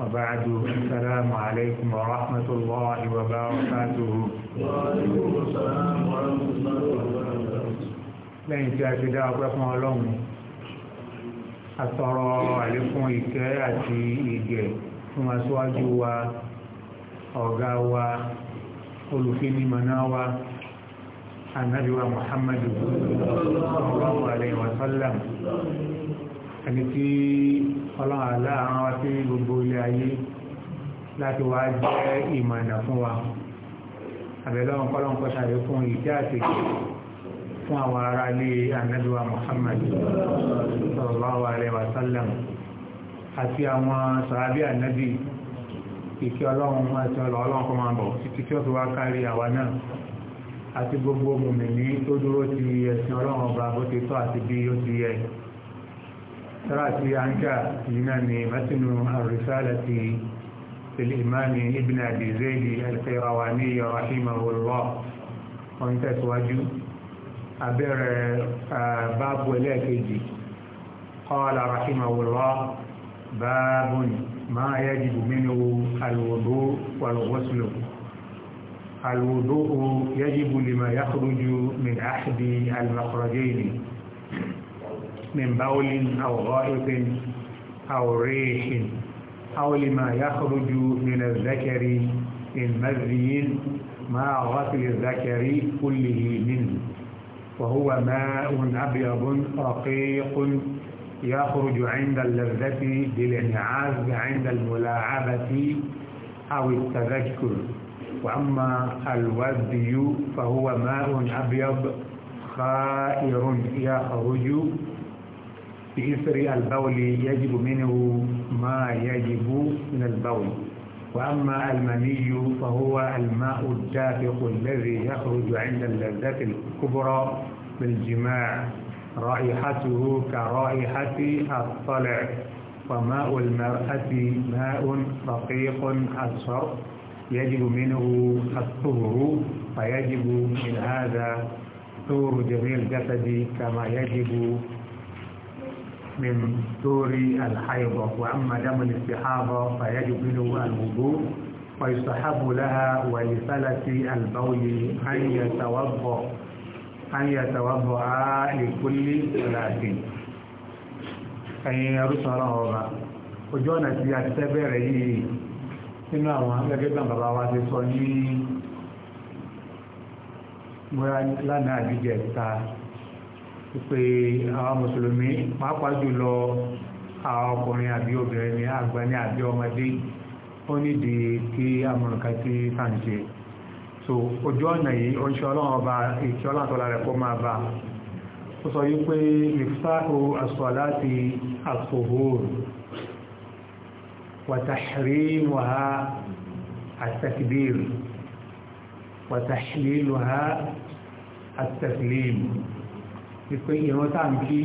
وبعد السلام عليكم ورحمة الله وبركاته lẹ́yìn tí a ti dá ọpẹ́ fún ọlọ́run àtọ̀rọ̀ àlékún ìkẹ́ àti ìgẹ̀ fún aṣíwájú wa ọ̀gá wa olùfinimọ̀nà wa anabiwa muhammadu sallallahu alaihi wa sallam ẹni tí ọlọ́run aláàrán wá sí gbogbo ilé ayé láti wá jẹ́ ìmọ̀nà fún wa àbẹ̀lọ́run kọ́lọ́run kọ́ sàré fún ìdí àtẹ̀kẹ́ fún àwọn ará ilé anábíwá Muhammad sallallahu alaihi wa sallam àti àwọn sàábí anábì ìkí ọlọ́run àti ọlọ́run kọ́ máa bọ̀ títí tí ó fi wá kárí àwa náà àti gbogbo mùmìnì tó dúró ti ẹ̀sìn ọlọ́run ọba bó ti tọ́ àti bí ó ti yẹ تراتي عنك إمام متن الرسالة للإمام ابن أبي زيد القيرواني رحمه الله وانت تواجه عبر باب ولا كجي قال رحمه الله باب ما يجب منه الوضوء والغسل الوضوء يجب لما يخرج من أحد المخرجين من بول أو غائط أو ريح أو لما يخرج من الذكر من مذي ما غسل الذكر كله منه وهو ماء أبيض رقيق يخرج عند اللذة بالانعاز عند الملاعبة أو التذكر وأما الودي فهو ماء أبيض خائر يخرج في إثر البول يجب منه ما يجب من البول وأما المني فهو الماء الدافق الذي يخرج عند اللذة الكبرى بالجماع رائحته كرائحة الطلع وماء المرأة ماء رقيق أصفر يجب منه الطهر فيجب من هذا طهر جميع الجسد كما يجب من دور الحيض وأما دم الاستحاضة فيجب الوضوء ويستحب لها ولثلث البول أن يتوضأ أن يتوضأ لكل صلاة ẹ̀yin ẹrúsàn ọlọ́run ọba ojú ọ̀nà tí a ti fẹ́ bẹ̀rẹ̀ yìí nínú àwọn gẹ́gẹ́ bí bàbá wa ti sọ ní bóyá lánàá àdìjẹ ta pípé àwọn mùsùlùmí pàápàá jùlọ àwọn ọkùnrin àbí obìnrin ní àgbà ní àbí ọmọdé ó nídìí kí amúnukà tí fàǹṣe so ojú ọ̀nà yìí ó ń ṣe ọlọ́run ọba ìṣe ọlọ́run tó lára kó máa bá ó sọ wípé ìfáàkó aṣọ láti àṣòhóòrò وتحريمها التكبير وتحليلها التسليم wípé ìran tá à ń kí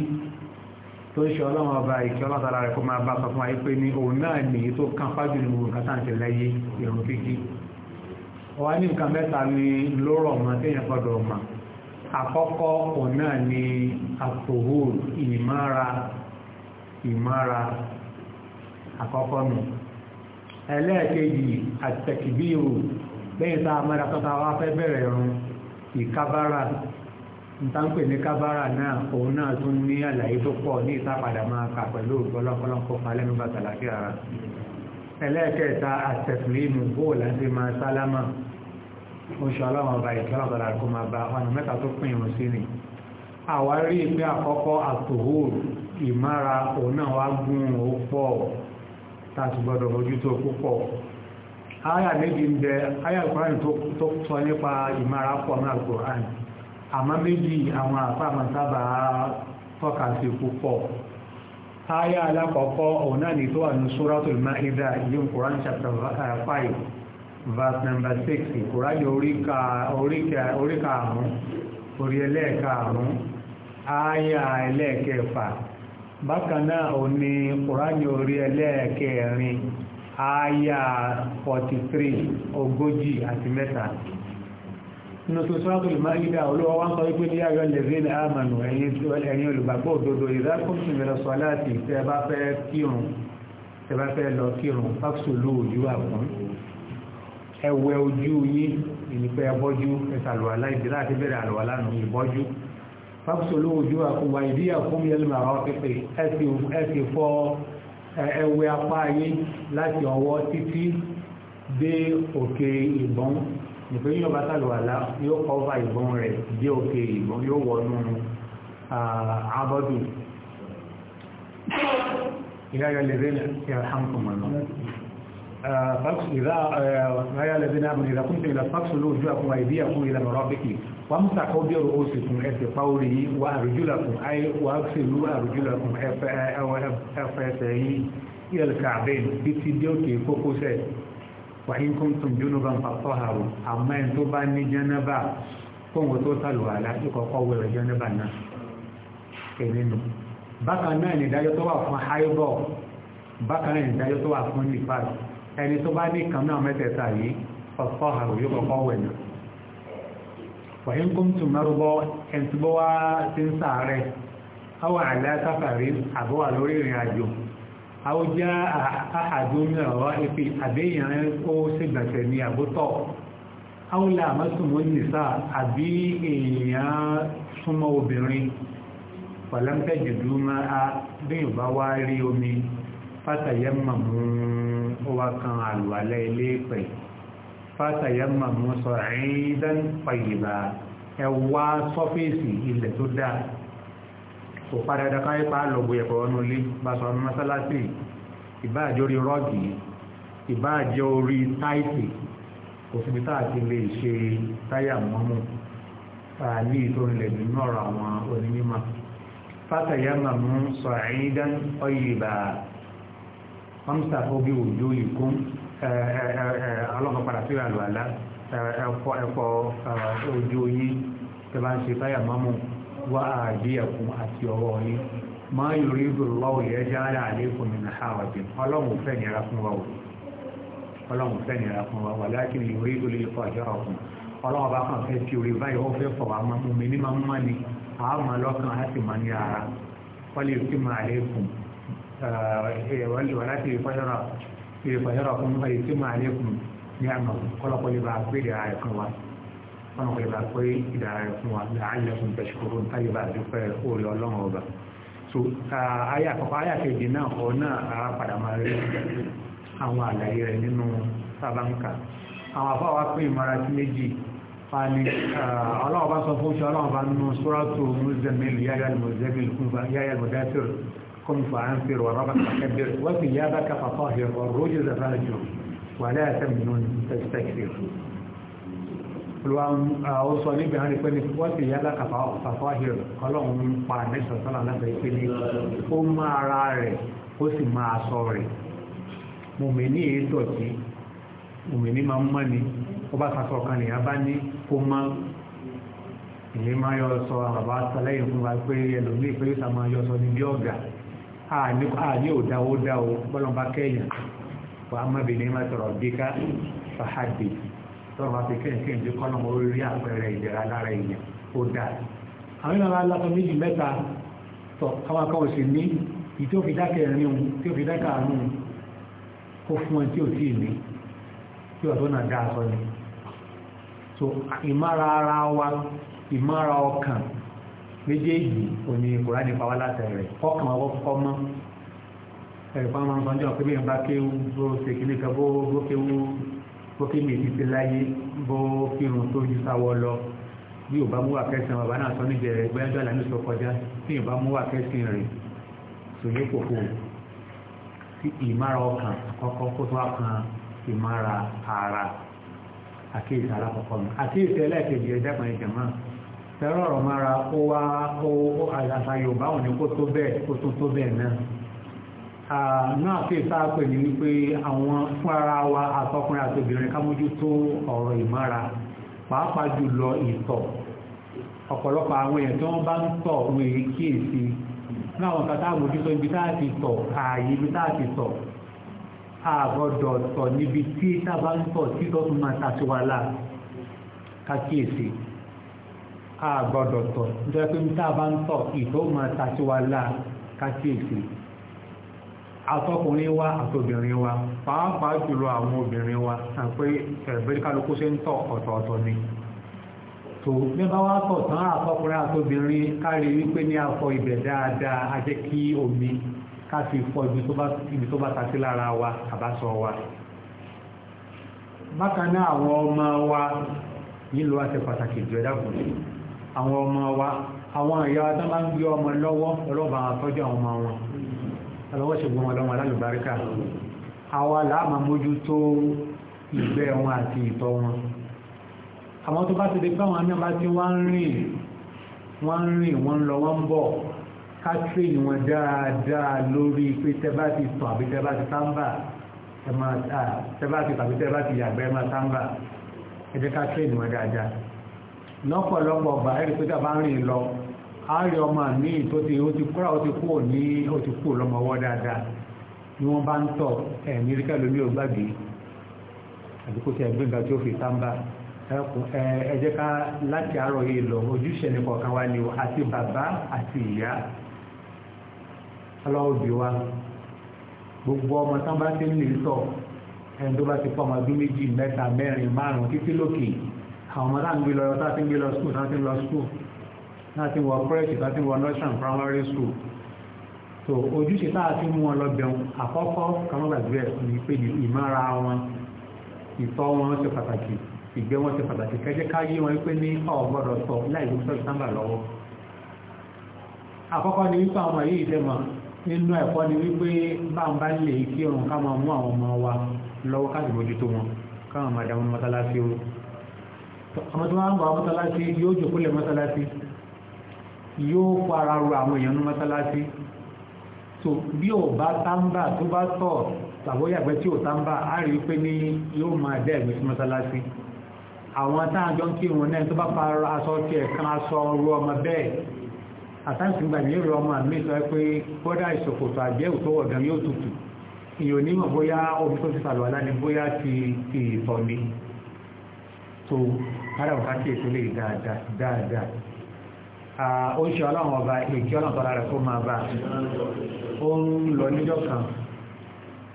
tó ń ṣe ọlọ́run ọba ìṣẹ́ ọlọ́tara rẹ̀ kó máa bá sọ fún wa wípé ní òun náà nìyí tó kàn fájú ní gbogbo nǹkan tá à ń ṣe lẹ́yìn ìrun kíkí ọwá ní nǹkan mẹ́ta ni lórọ̀ ọmọ téèyàn gbọ́dọ̀ mọ̀ àkọ́kọ́ òun náà ni àtòhó ìmára ìmára àkọ́kọ́ nù ẹlẹ́ẹ̀kejì àtẹ̀kìbíru lẹ́yìn tá a mẹ́ra tó ta wá fẹ́ bẹ̀rẹ̀ ìrun ìkábára ìtànpè ní kábàárà náà òun náà tún ní àlàyé tó pọ̀ ní ìtàpadà máa kà pẹ̀lú ọ̀pọ̀lọpọ̀lọpọ̀ falẹ́nubà tàlàkì ara ẹlẹ́ẹ̀kẹta àtẹ̀sílímù bóò láti máa sálámà oṣù ọlọ́run ọba ìkẹ́lọ̀ ọ̀gá kó máa bá ọ̀nà mẹ́ta tó pín irun sí ni àwárí pé àkọ́kọ́ àtòhóòrù ìmára òun náà wá gún ó pọ̀ tàbí gbọ́dọ̀ mójútó púpọ̀ áyà méjì ń bẹ áyà Kùránì tó sọ nípa ìmára pọ̀ náà Kùránì àmọ́ méjì àwọn àfàmọ́ sábà tọ́ka sí púpọ̀ táyà alákọ̀ọ́kọ́ òun náà ní tó wà ní Suratul Ma'idah ìlú Quran chapter eh, five verse number six Quran oríkà oríkà oríkà àrùn orí ẹlẹ́ẹ̀ka àrùn ááyà ẹlẹ́ẹ̀kẹfà bákan náà òun ní Quran orí ẹlẹ́ẹ̀kẹrin ááyà forty three ogójì àti mẹ́ta nínú sọ́tọ̀lù máìdá olówó wọ́n sọ wípé ní ayọ́ lẹ́fẹ́ ní àmànù ẹ̀yin olùgbàgbọ́ òdodo ìdákùnsù mẹ́rọ sọ láti tẹ́ bá fẹ́ lọ kírun fáksùlù ojú àkún ẹwẹ́ ojú yín ìnípẹ́ ẹbọ́jú ẹsàlùwàlá ìdílá àti bẹ̀rẹ̀ àlùwàlá nù ìbọ́jú fáksùlù ojú àkún wà ìdí àkún yẹlùmọ̀ àwọn pípẹ́ ẹ̀sì fọ ẹwẹ́ apá yín láti ọwọ́ títí dé òkè ìbọn ìpè yíyan bá sàlùwàlá yóò kọ́fà ìbọn rẹ̀ dé òkè ìbọn yóò wọnú abọ́dù ìyáyọ lèzínà ìràhàmkùnmọ̀nà ìyáyọ lèzínà àmì ìràkúntì ìlà fáksù lóòjú àkùn àìdí àkùn ìlà mọ̀rọ̀bìkì wọ́n mú sàkọ́ bí ọ̀rọ̀ oṣù fún ẹsẹ̀ pàórí yìí wà àrùjúlàkùn àì wà sílú àrùjúlàkùn ẹfẹsẹ̀ yìí dé òkè kókósẹ̀ wàhín kúntùm júnúbà fàtọ́hàrù àmọ́ ẹni tó bá ní jẹ́nẹ́bà fóun tó sàlùwàlá ìkọ̀kọ́ wẹ̀rẹ̀ jẹ́nẹ́bà náà kéré nù bákan náà ní ìdájọ́ tó wà fún haibọ̀ bákan náà ní ìdájọ́ tó wà fún nípa ẹni tó bá ní kan náà mẹ́tẹ̀ẹ̀ta yìí fàtọ́hàrù yóò kọ̀kọ́ wẹ̀ náà wàhín kúntùm mẹ́rúbọ́ ẹni tó bá wá sí ń sàárẹ̀ àwọn àlẹ́ sáfàrí àbọ̀wà lórí ìrìn àjò àwùjá àhàdúnmí ọ̀rọ̀ ipi àbẹ́yàn ó ṣègbàṣẹ̀ ní àbótọ̀ áwùlà àmọ́sùnmọ́ nìsá àbí èèyàn súnmọ́ obìnrin pàlámtẹ́jìdú máa bíyàn bá wá rí omi fátàyẹ́màmú ó wá kan àlùwalẹ̀ ilé pẹ̀ fátàyẹ́màmú sọ̀rọ̀ ẹ̀yìn dán pàyìbà ẹwà sọ́fẹ́sì ilẹ̀ tó dáa kò padà dá káyé pa lọ bóyá pọ̀ ọ́nú ilé bá sọ ọ́nú mọ́sálásì ìbá àjẹ́ orí rọ́ọ̀gì ìbá àjẹ́ orí táìsì kò síbi tá a ti lè ṣe táyà mọ́mú tá a ní ìtòrinlẹ̀ nínú ọ̀rọ̀ àwọn onímọ̀ fátàyà màmú sa'idan tayyiba hamsa obi òjò ìkún ọlọ́kan padà sí àlùwàlá ẹ̀fọ́ ojú oyin tẹ́ bá ń ṣe táyà mọ́mú wà àdíyàkùn àti ọwọ́ yín máa yòrí ìdòlọ́wọ̀ yẹ jáde àlékún ní àwàjẹ́ ọlọ́run fẹ́ nira fún wa ọlọ́run fẹ́ nira fún wa wà láti ní yòrí ìdòlè ikọ̀ àjọ ọkùn ọlọ́run bá kàn fẹ́ ti orí báyìí ó fẹ́ fọ̀ wá máa mú mi ní máa mú ni àá lọ́kàn á sì máa ní ara wọ́n lè fi máa àlékún wọ́n láti ìfọ̀yọ́rọ̀ fún ìfọ̀yọ́rọ̀ fún ìfọ̀yọ́rọ̀ fún ní àmọ̀ kọ́lọ́kọ́ lè bá gbé fún àwọn ìbá pé ìdára rẹ̀ fún wa láàyè fún tẹ̀síkòrò táyé bá dúpẹ́ orí ọlọ́run ọba so ayé àkọ́kọ́ ayé àkejì náà ọ̀ náà á padà máa rí àwọn àlàyé rẹ̀ nínú sábàǹkà àwọn afáwa pé ìmọ̀ra sí méjì fani ọlọ́run bá sọ fún ṣe ọlọ́run bá nínú sóràtò muzamil yáyà muzamil kúnfà yáyà mudafir kúnfà ànfir wà rọ́bà kàkẹ́bìr wọ́n sì yá bá kàfà fọ́ọ̀hìn ọ̀rọ̀ òjì zàfà jù wà láyà tẹ̀mínú tẹ̀sítẹ̀kìrì olùwàwọ̀sọ níbi àwọn ìpẹ́ni wọ́n sì yá lákàfà ọ̀fàfà hìrò ọlọ́run ń pa nẹ́sàn sọ́nà lábẹ́ ìpẹ́ni ó má ara rẹ̀ ó sì má aṣọ rẹ̀ mùmíní èyí dọ̀tí mùmíní máa ń mọ́ni ó bá sàkọ̀ kan nìyá bá ní kó má èyí máa yọ sọ àbá sàlẹ́yìn fún wa pé ẹlòmíì pé yóò sàmà yọ sọ níbi ọ̀gá àní ò dá ó dá kẹ́yìn wàá má bìnrin má sọ̀rọ̀ bí ká fàhádìí tọ́wọ́ bá fi kéńkéń ju kọ́nà mọ́ orí àpẹẹrẹ ìdẹ̀ra lára èèyàn ó dà àwọn ìlànà alákan méjì mẹ́ta tọ̀ àwọn akọ́wọ̀ sí ní ìtí ó fi dákẹ́ ẹ̀rin ohun tí ó fi dákẹ́ àánú kó fún ẹ tí ò tíì ní tí wà náà dá aṣọ ni so ìmára ara wa ìmára ọkàn méjèèjì òní ìkòrá nípa wá látẹ̀rẹ̀ ọkàn ọkọ̀ mọ́ ẹ̀rẹ̀ fún àwọn ọmọ ọjọ́ pé bí ìyẹn bá kéwú bó ṣe kìíní kan bó kéwú bó kí mi ti láyé bó kírun tó ju sáwọ lọ bí ò bá mú àkẹ́sìn bàbá náà sọ níjẹ̀rẹ̀ gbẹ́jọ́ àlàní sọ kọjá tí ò bá mú àkẹ́sìn rẹ̀ sòyé kòkó sí ìmára ọkàn àkọ́kọ́ kó tó àkàn ìmára ara àkéèsì alákọ̀ọ́kọ́ mi àkéèsì ẹlẹ́ẹ̀kejì ẹ̀dá kan ìjẹ̀mọ́ tẹ́rọ̀ ọ̀rọ̀ mara ó wá ó àṣà Yorùbá òní kó tó bẹ́ẹ̀ kó tó tó bẹ́ẹ̀ náà náà fi sáàpè ní wípé àwọn fún ara wa àtọkùnrin àti obìnrin ká mójútó ọ̀rọ̀ ìmára pàápàá jùlọ ìtọ̀ ọ̀pọ̀lọpọ̀ àwọn èèyàn tí wọ́n bá ń tọ̀ wọn èyí kíyèsí náà wọn kàtà àmójútó ibi tá a ti tọ̀ ààyè ibi tá a ti tọ̀ àgọ́dọ̀ tọ̀ níbi tí tábà ń tọ̀ tí tó tún máa tàṣíwálà kákíyèsí àgọ́dọ̀ tọ̀ nítorí pé tábà ń tọ̀ ìtọ́ máa tàṣíwálà kákíyèsí àtọkùnrin wa àtobìnrin wa pàápàá jùlọ àwọn obìnrin wa sàn pé ẹ̀bẹ̀rẹ̀ kálukú ṣe ń tọ̀ ọ̀tọ̀ọ̀tọ̀ ni tó bí bá wá tọ̀ tán àtọkùnrin àtobìnrin kárí wípé ní afọ ibẹ̀ dáadáa a jẹ́ kí omi ká fi fọ ibi tó bá ta sí lára wa àbáṣọ wa bákan náà àwọn ọmọ wa nílò àti pàtàkì jù ẹ̀dá kù àwọn ọmọ wa àwọn ìyá wa tó máa ń gbé ọmọ lọ́wọ́ ọlọ́ba ọlọ́wọ́ ṣe gbọ́n ọlọ́wọ́ alálùbáríkà àwa láàmà mójútó ìgbẹ́ wọn àti ìtọ́ wọn àwọn tó bá ti di pé àwọn àmì ọba tí wọ́n ń rìn wọ́n ń rìn wọ́n ń lọ wọ́n ń bọ̀ ká tírèyìn wọn dáadáa lórí pé tẹ́ bá ti tọ̀ àbí tẹ́ bá ti sáńbà tẹ́ bá ti tàbí tẹ́ bá ti yàgbẹ́ máa sáńbà ẹ jẹ́ wọn dáadáa lọ́pọ̀lọpọ̀ ọgbà ẹ̀rí pé tá ń rìn lọ àárẹ̀ ọmọ mi tó ti ó ti kúrà ó ti kú ní ó ti kú lọ́mọwọ́ dáadáa ni wọ́n bá ń tọ̀ ẹ̀mí rí kẹ́lò ní ògbàgbé àbí kó ti ẹ̀gbẹ́ nǹkan tí ó fi sáńbà ẹ ká láti àárọ̀ yìí lọ ojúṣe ní kọ̀ọ̀kan wa ni o àti bàbá àti ìyá ọlọ́ọ̀bì wa gbogbo ọmọ tán bá ti ń lè sọ ẹni tó bá ti pọ̀ ọmọ ọdún méjì mẹ́ta mẹ́rin márùn-ún títí lókè àwọn ọmọ táwọn ń gbé lọ ti ń gbé lọ skul táwọn ti ń lọ skul láti wọ kọ́rẹ́ẹ̀tì láti wọ nursery primary school tó ojúṣe tá a ti mú wọn lọ bẹ̀rùn àkọ́kọ́ kàmọ́gbàgbé ẹ̀ ní pé ìmára wọn ìtọ́ wọn ṣe pàtàkì ìgbẹ́ wọn ṣe pàtàkì kẹ́jẹ́ ká yé wọn pé ní ọ̀gbọ́dọ̀ sọ láì ló sọ́ọ̀tì sábà lọ́wọ́ àkọ́kọ́ ni wípé àwọn yìí dẹ́mọ̀ nínú ẹ̀kọ́ ni wípé báńbá lè kí ọ̀run ká máa mú àwọn ọmọ wa lọ́wọ́ káàdì mójútó wọn káwọn máa dàmú mọ́tálásí o àwọn tó wá ń bọ̀ mọ́tálásí yóò jòkó lẹ̀ mọ́tálásí yóò fara ro àwọn èèyàn ní mọ́sálásí so bí ò bá tábà tó bá tọ̀ tàbí yàgbẹ́ tí ò tábà á rí i pé ní yóò máa dẹ́ ẹ̀gbẹ́ sí mọ́sálásí àwọn táàjọ ń kírun náà tó bá fara aṣọ tiẹ̀ kan aṣọ ru ọmọ bẹ́ẹ̀ àtàǹtì gbàgbé rẹ ọmọ mi sọ pé bọ́dà ìṣòkòtò àgbẹ̀wò tó wọ̀ gan yóò tutù ìyọ̀n onímọ̀ bóyá omi tó ti sàlùwàlá ni bóyá ti ti ìtọ̀ ni tó káràǹkà kí èso lè dáadáa dáadáa ó ṣe ọlọ́run ọba èkí ọlọ́run tọ́lá rẹ̀ kó ọ bá ó ń lọ níjọ́ kan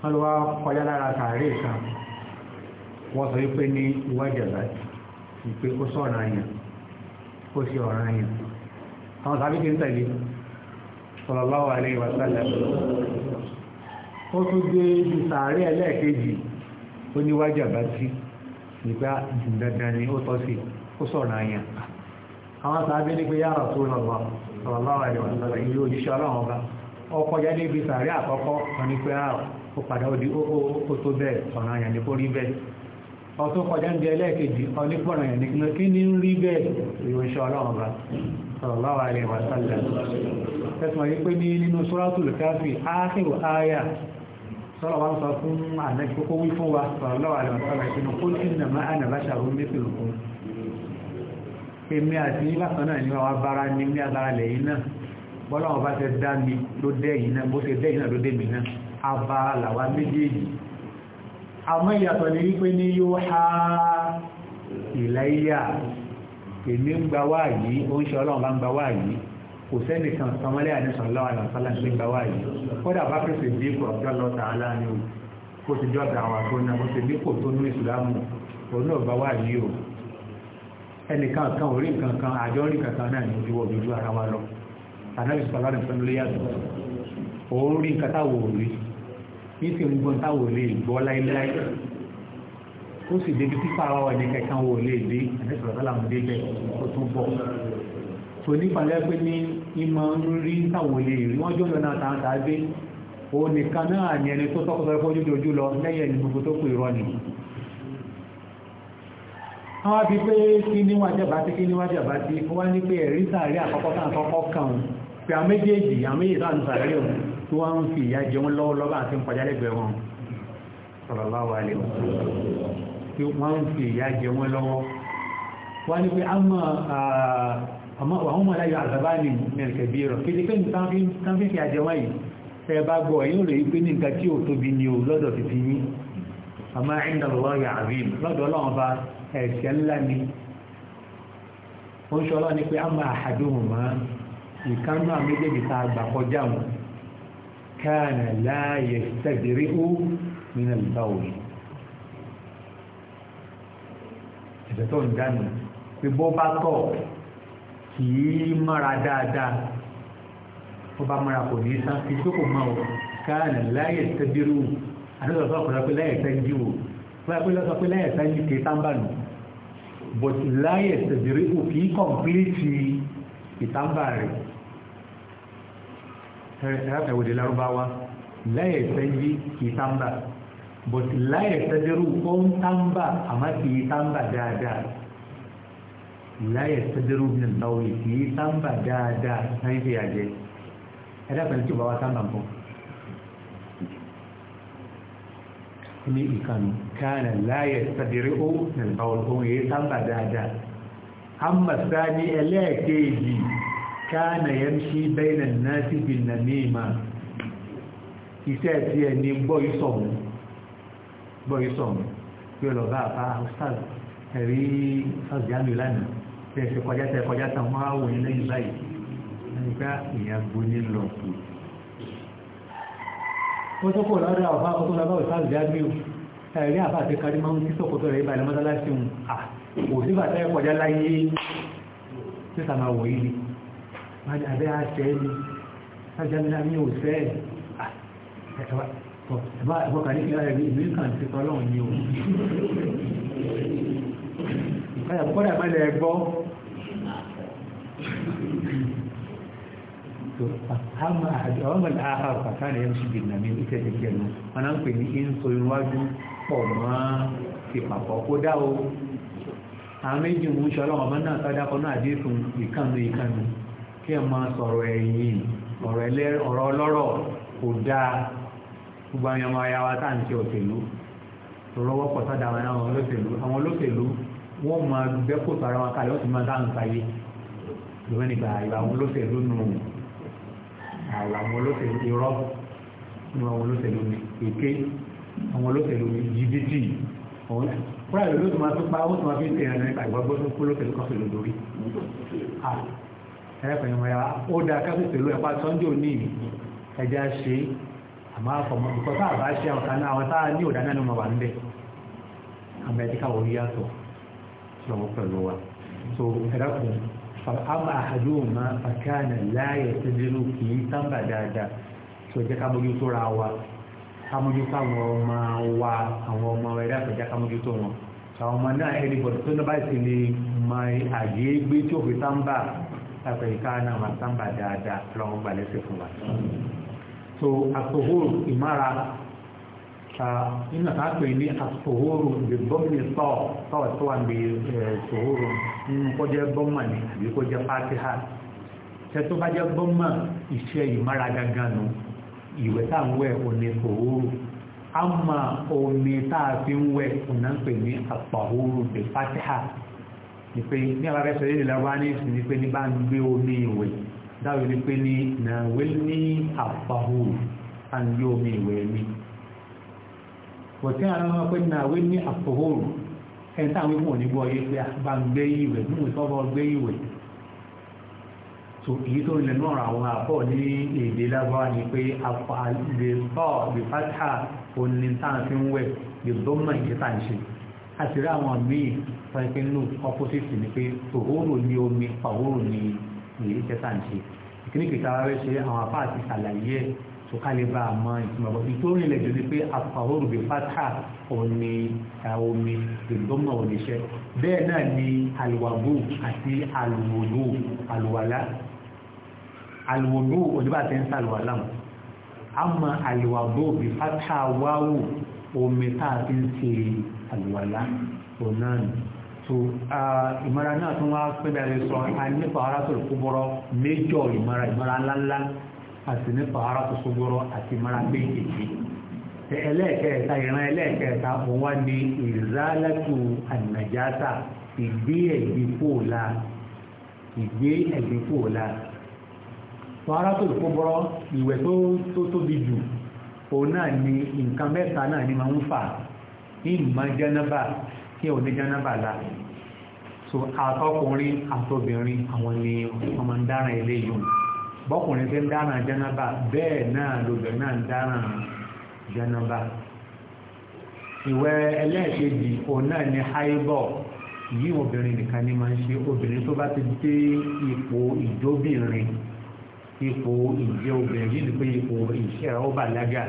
wọ́n lọ kọjá lára tààrí kan wọ́n sọ wípé ní ìwádìí ọ̀la ìpè ó sọ̀rọ̀ àyàn ó ọ̀rọ̀ àyàn àwọn ti ń tẹ̀lé ó tún gbé ẹlẹ́ẹ̀kejì ó àwọn sàábé ní pé yá Rasulullah sallallahu alaihi wasallam ilé òjíṣẹ́ ọlọ́run ọba ọkọ̀ jáde ibi sàárẹ̀ àkọ́kọ́ kan ní pé ah, ó padà ó di ó tó bẹ́ẹ̀ ọ̀nà àyàn ní kó rí bẹ́ẹ̀ ọtún kọjá ń di ẹlẹ́ẹ̀kejì ọnípọ̀nà yẹn nìkan kí ní ń rí bẹ́ẹ̀ ìròyìn ọlọ́run ọba sallallahu alaihi wasallam tẹ̀sán yìí pé ní nínú suratul Kafi ákèrò áyà sọ́rọ̀ wa sọ fún àdájọ́ kó wí fún wa sallallahu alaihi wasallam èmi àti yín bákan náà ni wọ́n bára ní ní agbára lẹ́yìn náà bọ́lá wọn bá ṣe dá mi ló dé yìí náà bó ṣe dé yìí náà ló dé mi náà abára làwa méjèèjì àmọ́ ìyàtọ̀ ni wípé ní yóò há ìlàyà èmi ń gba wá yìí ó ń ṣe ọlọ́run bá ń gba wá yìí kò sẹ́ni kan sọmọlé àníṣàn lọ́wọ́ àlàsálà ń gba wá yìí kódà bá fèsì bí kò ọjọ́ lọ́ta aláàánú kó ti jọ́ ọ̀dà àwọn àgbóná kó ti bí tó ní ìsìlámù òun náà gba wá ẹnìkan kan orí nǹkan kan àjọ orí kankan náà ní ojú ojú ara wa lọ ànábì sọlá ní sọlá ló yàtọ̀ òun rí nǹkan táwò rí ní sì ń gbọ́n táwò lè gbọ́ láéláé ó sì débi pípa ara wa ní kankan wò lè dé ànábì sọlá sọlá mú débẹ̀ ó tún bọ̀ tò nípa lẹ́gbẹ́ ní ìmọ̀ ń rí táwò lè rí wọ́n jọ́ lọ́nà àtàntà dé òun nìkan náà ní ẹni tó tọ́kọ̀tọ̀ ẹ̀fọ́ ojú lọ lẹ́yìn ẹni gbogbo tó pè rọ́ nìyí wọ́n wá fi pé kí ní wájà bá ti kí ní wájà bá ti wọ́n ní pé ẹ̀rí sàárì àkọ́kọ́ tán àkọ́kọ́ kàn pé àwọn méjèèjì àwọn méjèèjì sáà ń sàárì ò tí wọ́n ń fi ìyá jẹun lọ́wọ́lọ́wọ́ àti ń kọjá lẹ́gbẹ̀ẹ́ wọn sọ̀rọ̀láwà lè tí wọ́n ń fi ìyá jẹun lọ́wọ́ wọ́n ní pé àwọn ọmọ aláyọ̀ àgbàbá ní mẹ́rẹ̀kẹ̀bí rọ̀ kí àmọ́ ẹ̀ńdà lọ́wọ́ yà àbím lọ́dọ̀ ọlọ́run bá ẹ̀ṣẹ̀ ńlá ni ó ń ṣọlọ́ ni pé a máa àdóhùn mọ́ ìkánú àméjèèjì tá a gbà kọjá wọn káàna láàyè sẹ́dìrí ó nínú ìbáwò yìí ẹ̀ṣẹ̀ tó ń dánù pé bó bá tọ̀ kì í mára dáadáa bó bá mára kò ní í sá fi jókòó máa wọ̀ káàna láàyè sẹ́dìrí ó àdúgbò sọ ọkùnrin pé lẹ́yìn sẹ́ńjì wò wọ́n yà pé lọ́sọ pé lẹ́yìn sẹ́ńjì but láyẹ̀ sẹ̀dìrí kò kì í kọ̀m̀plíìtì ìtàmbà rẹ̀ ẹ̀rẹ́fẹ̀wòdì lárúbáwá láyẹ̀ sẹ́ńjì kì í tábà but láyẹ̀ sẹ́dìrí ó ń tábà àmọ́ kì í tábà dáadáa láyẹ̀ sẹ́dìrí ní ìnáwó kì í tábà dáadáa náà ń fi àjẹ ẹ̀rẹ́fẹ̀wòdì tí ní ìkànnì kánà láyé sàdérí ó nàìjíríà ohun èyí sábà dáadáa amasa ní ẹlẹ́ẹ̀kejì kánà yẹn ṣí bẹ́ẹ̀nà náà sí bìnnà mímà iṣẹ́ tí ẹ ní gbọ́ ìsọ̀mù gbọ́ ìsọ̀mù bí ó lọ bá àpá ustaz ẹ̀rí ustaz lánàá tẹ̀ kọjá tẹ̀ kọjá tàwọn àwọn ènìyàn báyìí nígbà ìyàgbó nílò ọ̀pọ̀ wọ́n tó kọ̀ lọ́dọ̀ àwọn afá tó lọ́gbà òṣàlù jágbé o ẹ̀rí àfá àti kárí máa ń tí sọ̀kòtò rẹ̀ ibà ìlọ́mọ́tà láti hùn à kò sí bàtà ẹ̀ kọjá láyé tí sàmà wọ̀ yìí máa ní abẹ́ àṣẹ ni lájá mi náà mi ò kan ti ni o. ẹ̀yà kọ́dà pẹ́lẹ̀ ẹ̀gbọ́ àmà àwọn àhà pàtàkì ẹ̀yẹ́ ṣì na mi ní tẹ̀lé jẹ̀nu wọn náà ń pè so ìǹso iwájú pọ̀ mọ́ ìpàpọ̀ kó dá o àwọn méjì ń ṣe ọlọ́run ọmọ náà sádákọ́ náà dé fún ìkànnù ìkànnù kí ẹ máa sọ̀rọ̀ ẹ̀yìn ọ̀rọ̀ ọlọ́rọ̀ kò dáa gbogbo àwọn ọmọ ayá wa táà ń ṣe òṣèlú lọ́wọ́ pọ̀ sọ́dọ̀ àwọn olóṣèlú àwọn olóṣèlú wọ́n máa gbẹ́kòtò ara wọn kalẹ̀ wọ́n ti máa dáhùn sáyé lọ́wọ́ nígbà ìwà àwọn olóṣèlú nù ààrẹ àwọn olóṣèlú irọ́ ní àwọn olóṣèlú ní èké àwọn olóṣèlú ní jìbìtì òun kúrò àìlú tó máa tó pa ó tó máa fi ń tẹ̀yàn nípa ìgbàgbọ́ tó kú lóṣèlú kan fèlò lórí ẹ̀rẹ́pẹ̀yìn mọ́ ya ó da káfíńsì ló ẹ̀pá sọ́njẹ́ òní ẹja ṣe àmọ́ àfọ̀mọ́ ìkọ́ tá a bá ṣe àwọn kan àwọn tá a ní òdá náà ló máa àmọ́ ẹ̀ fàámà àdúgbò fàkànà láàyè tó dérò kì í sábà dáadáa tó jẹ́ ká ra wa ká mójú tó àwọn ọmọ wa àwọn ọmọ ẹ̀dá àpẹjá ká mójú tó wọn àwọn ọmọ náà ẹni bọ̀dọ̀ tó náà báyìí sì ni mọ àyè gbé tí òfin sábà àpẹyíká náà máa sábà dáadáa lọ́wọ́ gbà lẹ́sẹ̀ fún wa. so àtòhóòrò ìmára ina ta pè ní asòhóró bí bọ́mìnì sọ sọ́wọ́ tó wà ní eh, sòhóró nínú kó jẹ́ bọ́mà ní àbí kó jẹ́ fatiha tẹ tó bá jẹ́ bọ́mà iṣẹ́ ìmára gangan nù ìwẹ̀ ama omi tá a fi ń wẹ̀ òní à ń pè ní asòhóró ni pé ní abáfẹ́ sọ yìí lọ́wọ́ ní ìsìn ni pé ní bá ń gbé omi ìwẹ̀ dáwọ̀ ni pé ní nàwé ní asòhóró à ń gbé omi ìwẹ̀ mi kò sí àwọn ọmọ pé nàwé ní àfòhóró ẹni táwọn ìwọ̀n ní gbọ́ yé pé bá ń gbé ìwẹ̀ níwò sọ́bọ̀ gbé ìwẹ̀ tó èyí tó lè náà àwọn àpọ̀ ní èdè lágbára ni pé àpò àlèfọ́ àlèfàtà òní táwọn fi ń wẹ̀ lè gbọ́mọ̀ ìjẹta ń ṣe àti rí àwọn míì wọ́n ti nù ọ́pọ́sìtì ni pé tòhóró ní omi pàhóró ní ìjẹta ń ṣe ìkíníkì tá ṣe àwọn àpá àti àlàyé tó ká lè bá a mọ ìtumọ̀ bọ́ ìtòrin ilẹ̀ jù ni pé àfàwọ́rù bí fátà òní omi ìdómọ̀ oníṣẹ́ bẹ́ẹ̀ náà ni àlùwàgbò àti àlùwòlò àlùwàlá àlùwòlò oníbàtẹ́ ń sàlùwàlá mọ́ àmọ́ àlùwàgbò bí fátà wáwò omi tá a fi ń ṣe àlùwàlá onáàni tó ìmọ̀ra náà tún wá pé bẹ́ẹ̀ sọ a nípa arákùnrin kúbọ́rọ́ méjọ ìmọ̀ra ìmọ̀ra ńláńlá àti ní pàhárà tó sọgbọ́rọ̀ àti mara méjèèjì ẹlẹ́ẹ̀kẹta ìran ẹlẹ́ẹ̀kẹta òun wá ní ìzálẹ́tù ànàjáta ìgbé ẹ̀gbin fòòlà ìgbé ẹ̀gbin fòòlà pàhárà tó sọgbọ́rọ̀ ìwẹ̀ tó tóbi jù òun náà ní nǹkan mẹ́ta náà ní máa ń fà ní ìmọ̀ jẹ́nàbà kí òun ní jẹ́nàbà la so àtọkùnrin àtobìnrin àwọn ni ọmọ ń dáràn eléyìí bọ́kùnrin ti ń dáná jẹ́nàbà bẹ́ẹ̀ náà lóbìnrin náà ń dáná jẹ́nàbà ìwẹ̀ ẹlẹ́ẹ̀kejì òun náà ni haibọ̀ yìí obìnrin nìkan ni máa ń ṣe obìnrin tó bá ti dé ipò ìjóbìnrin ipò ìjẹ́ obìnrin yìí ni pé ipò ìṣẹ́ ọ bàlágà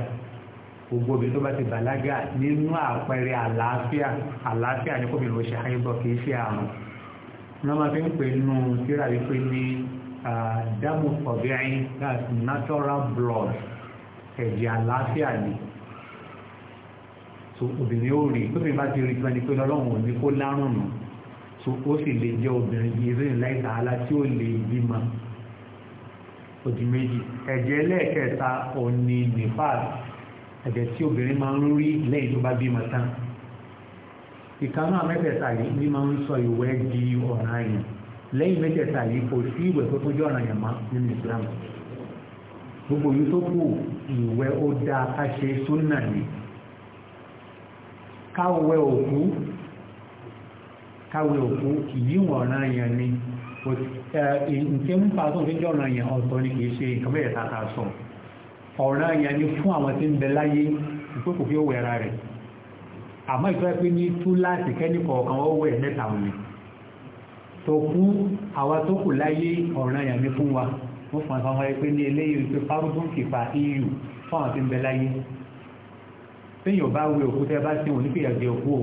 gbogbo obìnrin tó bá ti bàlágà nínú àpẹẹrẹ àlàáfíà àlàáfíà ni kóbìnrin ó ṣe haibọ̀ kì í ṣe àrùn wọ́n máa fi ń pè nínú síra yìí ní àdámù fọ̀bẹ́rin that's natural blood ẹ̀jẹ̀ àlàáfíà ni so obìnrin ó rí tóbi bá ti rí tí wọ́n ní pé lọ́lọ́run ò ní kó lárùn nù so ó sì lè jẹ́ obìnrin yìí ìrìn láìka ala tí ó lè bímọ òdì méjì ẹ̀jẹ̀ ẹlẹ́ẹ̀kẹta òní nìfàd ẹ̀jẹ̀ tí obìnrin máa ń rí lẹ́yìn tó bá bímọ tán ìkànnà mẹ́tẹ̀ẹ̀ta yìí ni máa ń sọ ìwẹ́ di ọ̀ràn yìí lẹ́yìn mẹ́tẹ̀ẹ̀ta yìí kò sí ìwẹ̀ tó tó jọ́ra yàn má nínú Islam gbogbo yìí tó kù ìwẹ̀ ó dáa ká ṣe súnà ni ká wẹ̀ òkú ká wẹ̀ òkú ìyíwọ̀n ọ̀nà yẹn ni nǹkan ń fa tó tó jọ́ra yàn ọ̀tọ̀ ni kì í ṣe nǹkan bẹ́ẹ̀ ta ta sọ ọ̀nà yẹn ni fún àwọn tí ń bẹ láyé ìpínkù fi ó wẹ̀ ara rẹ̀ àmọ́ ìtọ́ ẹ pé ní tú láti kọ̀ọ̀kan ó wẹ̀ mẹ́ta òní tó kú àwa tó kù láyé ọ̀ràn yàmí fún wa wọ́n fún àwọn ẹgbẹ́ ní eléyìí pé fárúgbọ́n kìfà eu fáwọn tí ń bẹ láyé téèyàn bá wé òkú tẹ́ bá sìn òní pé ẹ̀jẹ̀ òkú o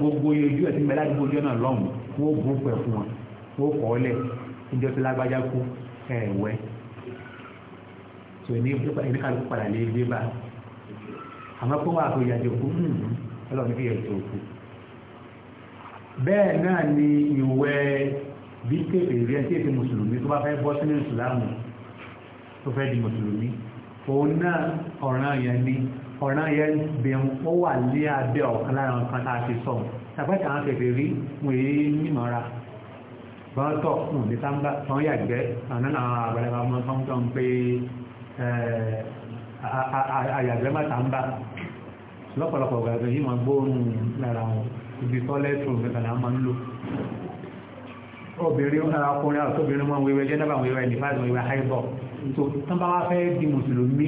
gbogbo ojú ẹ̀ tí ń bẹ ládùúgbò ojú náà lọ́hùn wọ́n gún pẹ̀ fún wọn wọ́n kọ́ ọ́lẹ̀ ìjọ tí lágbájá kú ẹ̀wẹ́ tò ní ẹni kálukú padà lé e dé bá àmọ́ pé wọ́n àpò ìyàjẹ̀ òkú ẹlọ́ọ̀ni fi ẹ̀jẹ̀ òkú bẹ́ẹ̀ náà ni ìwẹ̀ bí kéèké rí ẹni tí èsì mùsùlùmí tó bá fẹ́ bọ́ sínú ìsìláàmù tó fẹ́ di mùsùlùmí òun náà ọ̀ràn yẹn ni ọ̀ràn yẹn bẹ̀rù ó wà lé abẹ́ ọ̀kan lára nǹkan tá a ti sọ tàbátà àwọn kéèké rí wọn èyí nímọ̀ra bọ́n tọ̀ fún ní sáńbà tán yàgbẹ́ àná àwọn àgbàlagbà ọmọ tó ń tọ́ ń àyàgbẹ́ má sáńbà lọ́pọ̀lọpọ̀ gbàgbé yìí wọ́n gbóòórùn lára wọn ibi tọ́lẹ́tù ìgbàlá máa ń lò obìnrin eh, ọkùnrin àtọ́bìnrin máa ń wéwẹ́ jẹ́nàbà wéwẹ́ nífàdì wéwẹ́ haibọ̀ tó tán bá wá fẹ́ di mùsùlùmí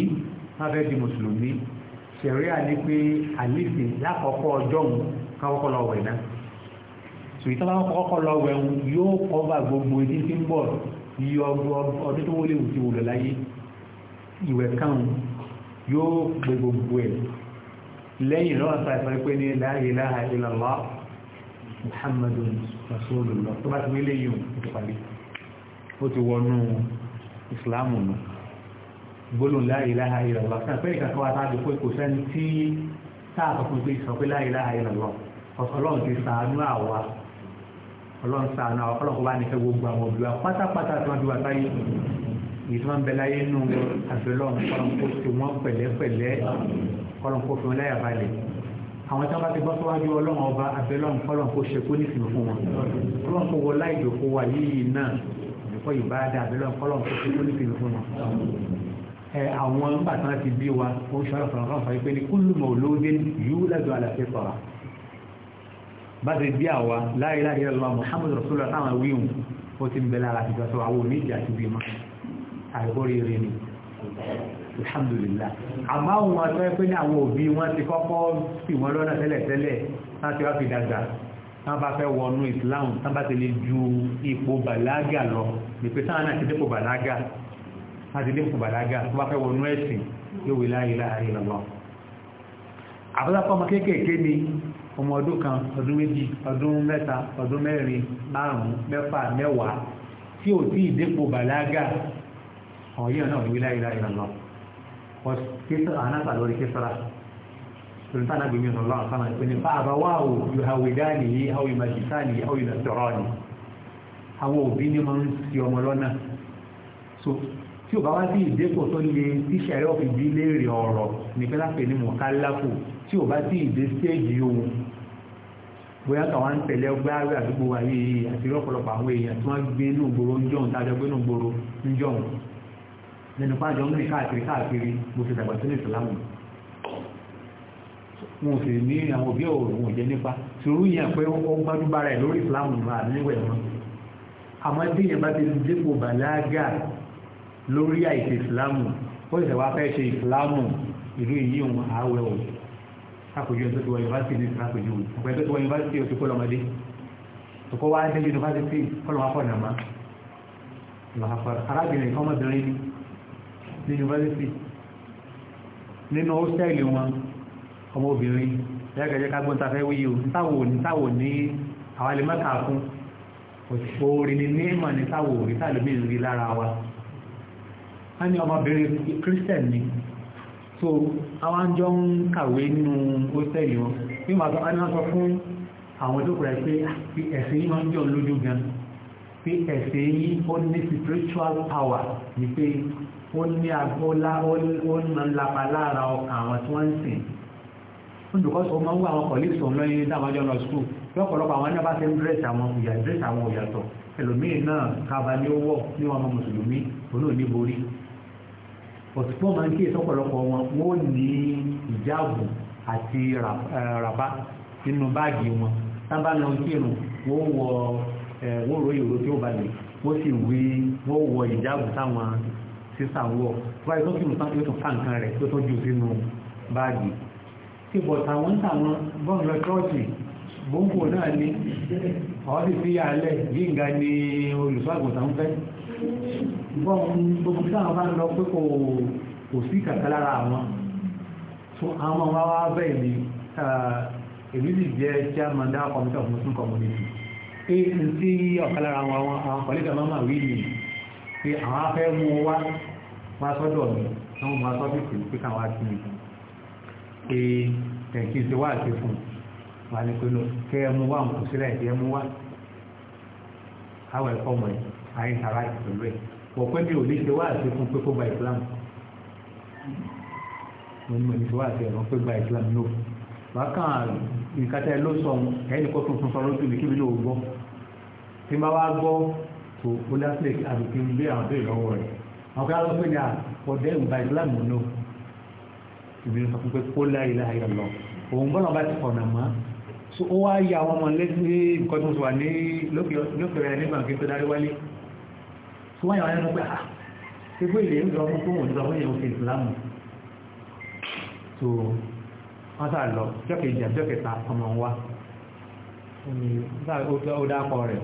wá fẹ́ di mùsùlùmí ṣẹ̀ríà ní pé àlìsì lákọ̀ọ́kọ́ ọjọ́ òun káwọ́kọ́ lọ wẹ̀ náà sòyí tán bá kọ́kọ́ lọ wẹ̀ òun yóò kọ́ba gbogbo etí tí ń bọ̀ iye ọdún tó wọlé wù ti wò lọ láyé ìwẹ̀ káwọn yóò gbé gbogbo ẹ̀ lẹ́yìn lọ́wọ́ sàìsàn pé ní la ilaha illallah muhammadun rasulullah tó bá ti wílé yìí ó ti parí ó ti wọnú ìsìláàmù nù gbólóhùn la ilaha illallah sàn pé ìkàkọ́ wa táàbí pé kò sẹ́ni tí táàkùn pé sọ pé la ilaha illallah ọlọ́run ti ṣàánú àwa ọlọ́run ṣàánú àwa ọlọ́run kò bá nìkẹ́ gbogbo àwọn òbí wa pátápátá tí wọ́n ti wà táyé èyí tí nù àbẹ̀lọ́run kọ́lọ́nkó fi wọn láyà balẹ̀ àwọn tí wọn bá ti bọ́ síwájú ọlọ́run ọba àbẹ̀lọ́run kọ́lọ́nkó ṣe kó ní ìsinmi fún wọn kọ́lọ́nkó wọ láì dòkó wa yìí náà ẹ̀kọ́ ìbáradà àbẹ̀lọ́run kọ́lọ́nkó ṣe kó ní ìsinmi fún wọn. àwọn nígbà tí wọn ti bí wa ó ń ṣọ́ra kọ́lọ́nkó fà pé ní kúlù mọ̀lódé yóò lẹ́dọ̀ àlàfẹ́ sọ̀rọ̀ bá ti bí àwa la ilaha illallah muhammadu rasulullah táwọn wíwù ó ti ń bẹ lára àtijọ́ sọ àwọn oníjà ti bí ma àìkóríire alhamdulillah àmọ́ àwọn ọ̀tọ́ pé ní àwọn òbí wọn ti kọ́kọ́ sì wọ́n lọ́nà tẹ́lẹ̀tẹ́lẹ̀ láti wá fi dàgbà tán bá fẹ́ wọnú islam tán bá ti lè ju ipò bàlágà lọ nípe táwọn náà ti dépò bàlágà láti dépò bàlágà tó bá fẹ́ wọnú ẹ̀sìn yóò wí la ilaha illallah àbúrápọ̀ ọmọ kéékèèké ni ọmọ ọdún kan ọdún méjì ọdún mẹ́ta ọdún mẹ́rin márùn-ún mẹ́fà mẹ́wàá tí ò tí ì dépò bàlágà àwọn yíyan náà wí láyé láyé lọ wọ́n kéṣe ànágbà lórí kéṣara tòun tánà gbèmí ọ̀nà lọ́wọ́ sánà pé ní bàbá wà ó yóò hàwé dání yìí hàwé màjìsá nìyí hàwé nàṣọ̀rọ̀ ni àwọn òbí ni máa ń fi ọmọ lọ́nà so tí o bá wá sí ìdẹ́kọ̀ tó le tí sẹ́rẹ́ ọ̀fi bí léèrè ọ̀rọ̀ nígbà láti ní mọ̀kálákù tí o bá sí ìdẹ́ stéèjì ohun bóyá kàwọn ń tẹ̀lé ọgbẹ́ àwẹ̀ àdúgbò wáyé àti ọ̀pọ̀lọpọ̀ àwọn èèyàn tí wọ́n gbé nù gbòòrò ń jọ̀hún tájọ́ gbé nù gbòòrò ń jọ̀hún nínú pàjọ ń rìn káàkiri káàkiri mo ti dàgbà sílẹ̀ ìsìlámù wọn ò sì ní àwọn òbí òòrùn òjẹ́ nípa sùúrù yẹn pé ó gbádùn bára ẹ̀ lórí ìsìlámù rà níwẹ̀ wọn àmọ́ tí yẹn bá ti dépò bàlágà lórí àìsè ìsìlámù ó sì wá fẹ́ ṣe ìsìlámù ìlú yìí òun àwẹ̀ òun àpèjú ẹ̀tọ́ ti wọ yunifásitì ní ìsìlápèjú òun ọ̀pọ̀ ẹ̀tọ́ ti wọ yunifásitì òsì kó lọ́mọdé òkó wá dé yunifásitì kó lọ́mọ ní yunifásitì nínú ọ́sẹ̀lì wọn ọmọbìnrin lẹ́gẹ̀ẹ́jẹ́ kágbọ́n tafẹ́ wíyí o nítawò nítawò ní àwálé mẹ́ta fún òṣòrí ni ní ìmọ̀ nítawò rí tàbí rí lára wa a ní ọmọbìnrin Christian ni so àwọn àjọ ń kàwé nínú ọ́sẹ̀lì wọn bí màá sọ wọn sọ fún àwọn tó kúrẹ́ pé ah, ẹ̀sìn yìí máa ń jọ lójú gan pé ẹ̀sìn yìí ó ní spiritual power ni pé ó ní agbóla ó ń lapa lára ọkàn àwọn tí wọ́n ń sìn olùkọ́ sọ ma ń wá àwọn kọ̀lẹ́sì ọ̀hún lọ́yìn dáwọ́jọ́ lọ skul lọ́pọ̀lọpọ̀ àwọn ẹ̀yà bá ṣe ń dírẹ́sì àwọn òyà dírẹ́sì àwọn òyàtọ̀ ẹlòmíì náà kaba ní ó wọ̀ ní ọmọ mùsùlùmí òun ò ní borí òtúpọ̀ máa ń kí èso ọ̀pọ̀lọpọ̀ wọn wọ́n ní ìjáàbù àti ràbá nínú báàgì wọn sábà lọ kírun wọ́n wọ wọ́n ròyìn òrò tí ó balẹ̀ wọ́n sì wí wọ́n wọ ìjáàbù táwọn sísà wọ̀ wáyé tó kí nǹkan yóò tún fa nǹkan rẹ̀ tó tọ́jú sínú báàgì tí bọ̀tà wọn ń tàwọn bọ́ọ̀lù ọjọ́ọ̀jì gbòǹgbò náà ni ọ̀ọ́dì sí alẹ́ yínga ni olùṣọ́àgùntàn fẹ́ bọ́ọ̀lù gbogbo táwọn bá ń lọ pé kò kò sí kàkà lára àwọn tó àwọn wá wá bẹ́ẹ̀ ni èmi sì jẹ́ chairman dá committee of muslim community èyí tí ọ̀kan lára àwọn àwọn kọ̀lẹ́gà máa wí nìyí pé àwọn afẹ́ mú ọ wá wá sọ́dọ̀ mi tó ń wá sọ́fíìsì pé káwọn á ti nìkan pé ẹ̀kí ti wá àti fún wa ní pé kẹ́ ẹ mú wá nǹkó sílẹ̀ kẹ́ ẹ mú wá àwọn ẹ̀kọ́ mọ̀ ẹ̀ àyìn tààrà pẹ̀lú ẹ̀ wọ́n pé mi ò ní ṣe wá àti fún pé kó gba Islam mo ní mo ní wá àti ẹ̀rọ pé gba Islam lò wákàn nǹkan tẹ́ ló sọ ẹ̀yìn kó tuntun sọ lójú mi kí mi ló gbọ́ gbọ́ tó ó lásìlẹ̀ àbùkù ń gbé àwọn béèrè lọ́wọ́ rẹ̀ àwọn kan á lọ pé ní àkọ́dẹ́ ìgbà ìsìlámù náà ìbínú sọ fún pé kó la ilaha illallah òun bọ́lá bá ti ọ̀nà mọ́ so ó wá ya àwọn ọmọ lẹ́sí nǹkan tó wà ní lókè rẹ̀ nígbà kí n tó darí wálé so wọ́n yà wọ́n pé à ah, ṣébú èlé ń lọ fún fún òun lọ́wọ́ yẹn òfin ìsìlámù so wọ́n sà lọ jọ́kẹ̀jì àbí jọ́kẹ̀ta ọmọ wa ó dákọ̀ rẹ̀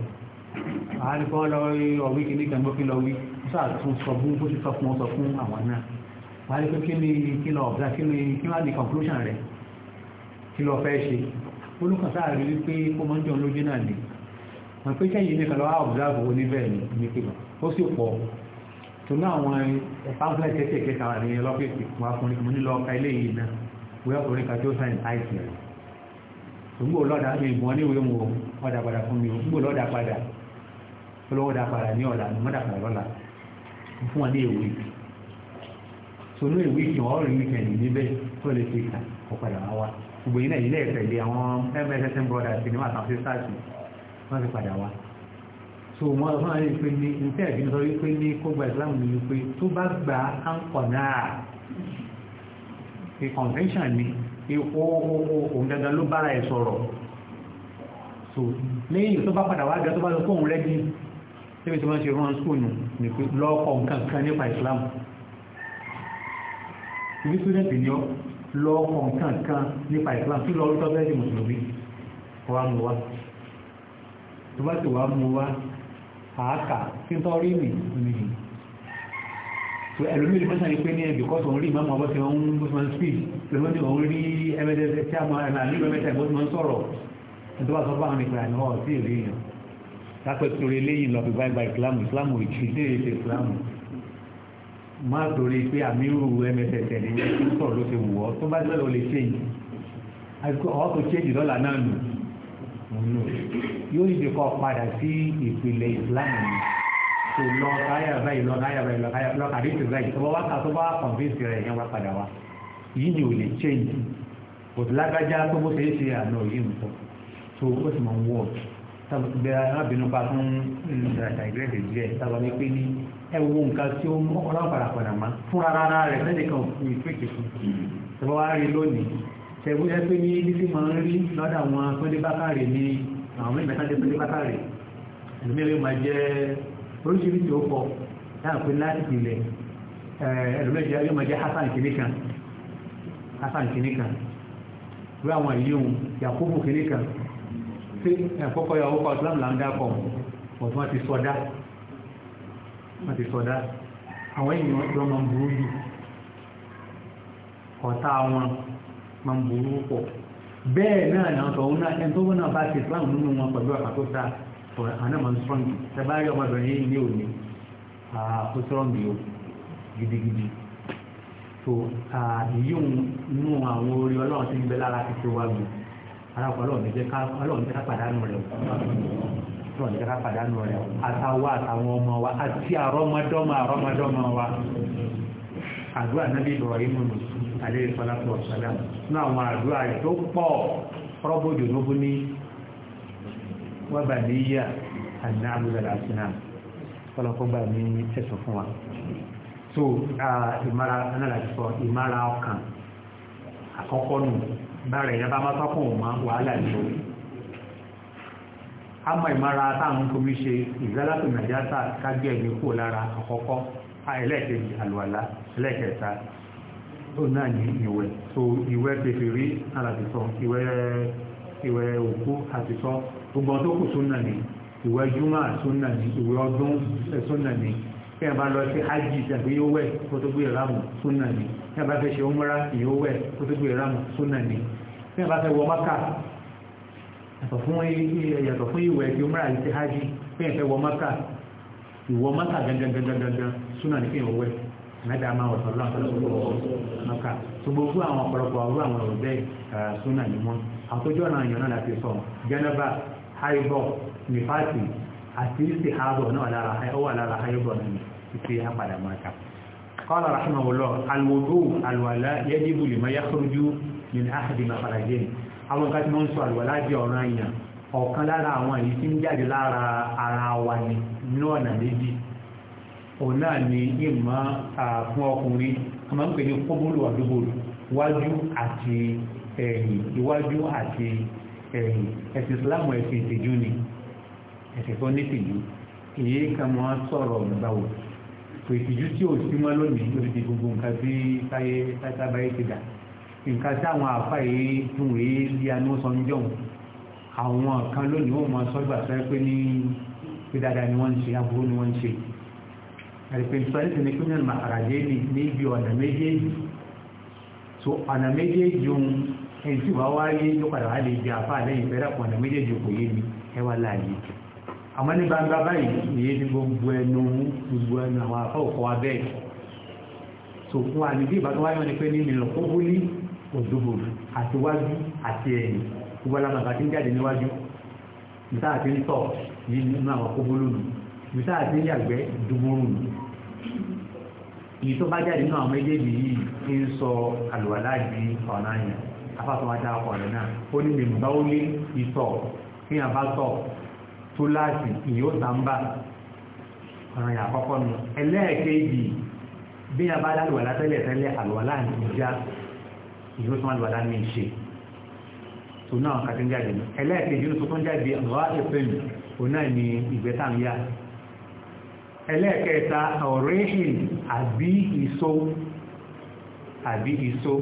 àwọn ikọ̀ lọ ọ̀wí kìíní kan gbọ́ kí lọ wí sáà tún sọ fún bó ti sọ fún ọ sọ fún àwọn náà wọ́n á rí pé kí ni kí lọ ọ̀gá kí ni kí wọ́n di conclusion rẹ̀ kí lọ fẹ́ ṣe olùkọ́ sáà rí wípé ó máa ń jọ lójú náà ni wọ́n pé kẹ́yìn ní kàlọ́ observe owó níbẹ̀ ni ní pípa ó sì pọ̀ tó ní àwọn pamphlet kẹ́kẹ́ kẹta wà ní ọlọ́fíìsì fún akọrin mo ní lọ ka ilé yìí náà wọ́n yà kọrin kájọ́ sáyẹn àìsàn ṣùgbọ́n lọ́dà mi ìbọn níwèé mu ọ̀dà padà fún mi ò lọ́dà padà olówó dá padà ní ọ̀la ní mọ́dà padà lọ́la fún wọn ní èwe so ní èwe kí wọn rí wíkẹ̀ndì níbẹ̀ tó lè fi kà kó padà wá wá gbogbo yìí náà ilé ìtẹ̀lé àwọn mssm brothers ní wàtà fi sáàtì wọ́n ti padà wá so wọ́n fún wọn pé ní iṣẹ́ ni sọ wípé ní kó gba ni ní wípé tó bá gba àǹkọ̀ náà convention ni òun dandan ló bára ẹ̀ sọ̀rọ̀ so lẹ́yìn tó bá padà wá gẹ́ tó bá lọ fóun rẹ́gí síbi tí wọ́n ti rán skúlù nìpé lọ́ọ̀kọ̀ nǹkan kan nípa Islam ibi student ni ọ lọ́ọ̀kọ̀ nǹkan kan nípa Islam tí lọ́ọ̀rí tọ́jú ẹ̀sìn mùsùlùmí wàá mú wa tó bá ti wàá mú wa àákà tí ń tọ́rí mi nìyí so ẹlòmíì ló sàn pé ní ẹ bìkọ́ tó ń rí ìmọ̀mọ́ bó ti wọ́n ń bó ti wọ́n ń speak lọ́wọ́ tí wọ́n ń rí ẹ̀mẹ́tẹ̀ẹ̀tẹ̀ tí a máa ń rí ẹ̀mẹ́tẹ̀ẹ̀ bó ti wọ́n ń sọ̀rọ̀ ẹ̀ tó bá sọ fún àwọn ìpè àná ọ̀ sí ìrìn yẹn kápẹ́ torí eléyìí lọ fi báyìí gba ìsìlámù ìsìlámù ìdílé ètò ìsìlámù má torí pé àmírù mss ní ní sọ̀rọ̀ ló ti wù ọ́ tó bá gbẹ́lẹ̀ ó lè change àti ọ́ tó change lọ́la náà nù yóò yíde kọ́ padà sí ìpìlẹ̀ ìsìlámù ni tó lọ káyà báyìí lọ káyà báyìí lọ káyà lọ kàdéjì báyìí tó bá wá ká tó bá convince rẹ̀ yẹn wá padà wá yìí ni ò lè change kò lágbájá tó bó ṣe é ṣe àná yìí nǹkan tó ó sì máa ń wọ́ọ̀kì bẹ̀rẹ̀ arábìnrin pa fún ìrìnàjà ìgbẹ́gbẹ̀ díẹ̀ sábà ní pé ní ẹwọ nǹkan tí ó mú ọlọ́pàá padà má fún rárá rẹ̀ lẹ́yìn kan fún ìfẹ́kẹ̀ fún ìjọba wa rí lónìí ṣẹ̀gbọ́n yẹ pé ní ní tí máa ń rí lọ́dọ̀ àwọn pẹ́lẹ́ bákàrè ní àwọn mẹ́ta tán jẹ́ pẹ́lẹ́ bákàrè ẹlòmíràn máa jẹ́ oríṣiríṣi ó pọ̀ láàpẹ́ láti ìpìlẹ̀ ẹlòmíràn yóò máa jẹ́ Hasan kìnìkan Hasan kìnìkan wí àwọn ìlú Yakubu kìnìkan pé àkọ́kọ́ yà ọkọ̀ islam là ń dákọ̀ ọ̀tún wọn ti sọdá wọn ti sọdá àwọn èèyàn jọ máa ń burú jù ọ̀tá wọn máa ń burú pọ̀ bẹ́ẹ̀ náà náà tọ̀hún náà ẹni tó wọ́n bá ti islam nínú wọn pẹ̀lú àkàtó ta àná máa ń sọ́ǹgì tẹ́bárí ọmọbìnrin yìí ní òní ó sọ́ǹgì o gidigidi so èyí òun nú àwọn orí ọlọ́run ti ń bẹ lára ti ti wá gbòó aláwọ̀ ọlọ́run ní jẹ́ ká pàdánù rẹ̀ ọlọ́run ní jẹ́ ká pàdánù rẹ̀ àtàwọn àtàwọn ọmọ wa àti àrọ́mọdọ́mọ àrọ́mọdọ́mọ wa àdúrà nábì Ibrahim nù alẹ́ ìfọlápù ọ̀sọ́lá ní àwọn àdúrà rẹ̀ tó pọ̀ rọ́bòdò lóbú ní wàbàníyà àná àbúdàlà àtúnà ọlọ́kọ́gbà ní ẹ̀sùn fún wa so ìmára náà láti sọ ìmára ọkàn bára ìyá bá má tọ́kùn òun máa wàhálà ní o a mọ ìmọ̀ra táwọn tóbi ṣe ìgbálátò nàìjíríà kágbé ẹ̀gbẹ́ kúrò lára àkọ́kọ́ ẹlẹ́ẹ̀kejì àlùwàlá ẹlẹ́ẹ̀kẹta tó náà ní ìwẹ̀ tó ìwẹ̀ pèfèrí alàtìsọ ìwẹ̀ ìwẹ̀ òkú àtìsọ gbogbo tó kù súnà ní ìwẹ̀ júmọ̀ súnà ní ìwẹ̀ ọdún súnà ní tí a bá lọ sí hajj tàbí yóò wẹ̀ kó tó súnà ni tí a bá fẹ́ ṣe umra yóò wẹ̀ kó tó súnà ni tí a bá fẹ́ wọ maka yàtọ̀ fún ìwẹ̀ tí umra yìí ti hajj tí a fẹ́ wọ maka ìwọ maka gangan súnà ni fi hàn wẹ̀ mẹ́ta máa wọ̀ sọ́lá ọ̀pọ̀lọpọ̀ maka ṣùgbọ́n fún àwọn ọ̀pọ̀lọpọ̀ ọ̀rọ̀ àwọn ọ̀rọ̀ bẹ́ẹ̀ súnà ni wọ́n àtọ́jọ́ náà yàn náà láti sọ jẹ́nẹ́bà haibọ̀ nífàtì àti ìsìhábọ̀ náà lára ọwà lára ayọ́bọ̀ ní ìpé àpàdà mọ́ta qala rahimahullah alwudu alwala yajibu liman yakhruju min ahadi makharajayn àwọn nǹkan tí wọ́n ń sọ alwala jẹ́ ọ̀ràn èèyàn ọ̀kan lára àwọn èyí tí ń jáde lára ara wa ni ní ọ̀nà méjì òun náà ni ìmọ̀ fún ọkùnrin a máa ń pè ní kóbólù ẹ̀yìn iwájú àti ẹ̀yìn ẹ̀sìn islam ẹ̀sìn ìtìjú ni ẹ̀sẹ̀ tó ní tìjú èyí kan máa sọ̀rọ̀ gbàwò pé ìtìjú tí ò sí mọ́ lónìí ló ti di gbogbo nǹkan tí táyé tábáyé ti dà nǹkan tí àwọn àfa yìí dùn èé bí anú sọ ní jọ̀hún àwọn kan lónìí wọ́n máa sọ́gbà sọ pé ní pé dáadáa ni wọ́n ń ṣe aburú ni wọ́n ń ṣe àìpẹ̀ntìpẹ̀ntì ní kíndìn màkàràjẹ́ ní ibi ọ̀nà méjèèjì so ọ̀nà méjèèjì ohun ẹni tí wàá wáyé ló padà wá lè jẹ àfa àlẹ́yìn fẹ́rẹ̀ ọ̀nà méjèèjì kò yé mi ẹ wá láàyè kẹ àmọ́ ní gbangba báyìí èyí ni gbogbo ẹnu gbogbo ẹnu àwọn afọ òkọ abẹ́ sòkun àníbí ìbátan wáyé wọn ni pé ní ìlọ kókó ní òdòbò àti wájú àti ẹ̀yìn gbogbo alámàgbà tí ń jáde níwájú níta àti ń tọ̀ nínú àwọn kókó lónìí níta àti ń yàgbẹ́ dúgbòrò nù èyí tó bá jáde nínú àwọn méjèèjì yìí ti ń sọ àlùwàlá di ọ̀nà yẹn afáfáwájà ọ̀rẹ́ náà ó ní mèmú tó láti ìyó sàmbà ọ̀ràn yà àkọ́kọ́ nù ẹlẹ́ẹ̀kejì bí a bá lálùwàlá tẹ́lẹ̀ tẹ́lẹ̀ àlùwàlá ní ìjà ìyó tó àlùwàlá ní ìṣe tó náà kàtí ń jáde nù ẹlẹ́ẹ̀kejì tó tó ń jáde ọ̀rọ̀ ìpinnu òun náà ní ìgbẹ́tàmíyà ẹlẹ́ẹ̀kẹta ọ̀rẹ́hìn àbí ìso àbí ìso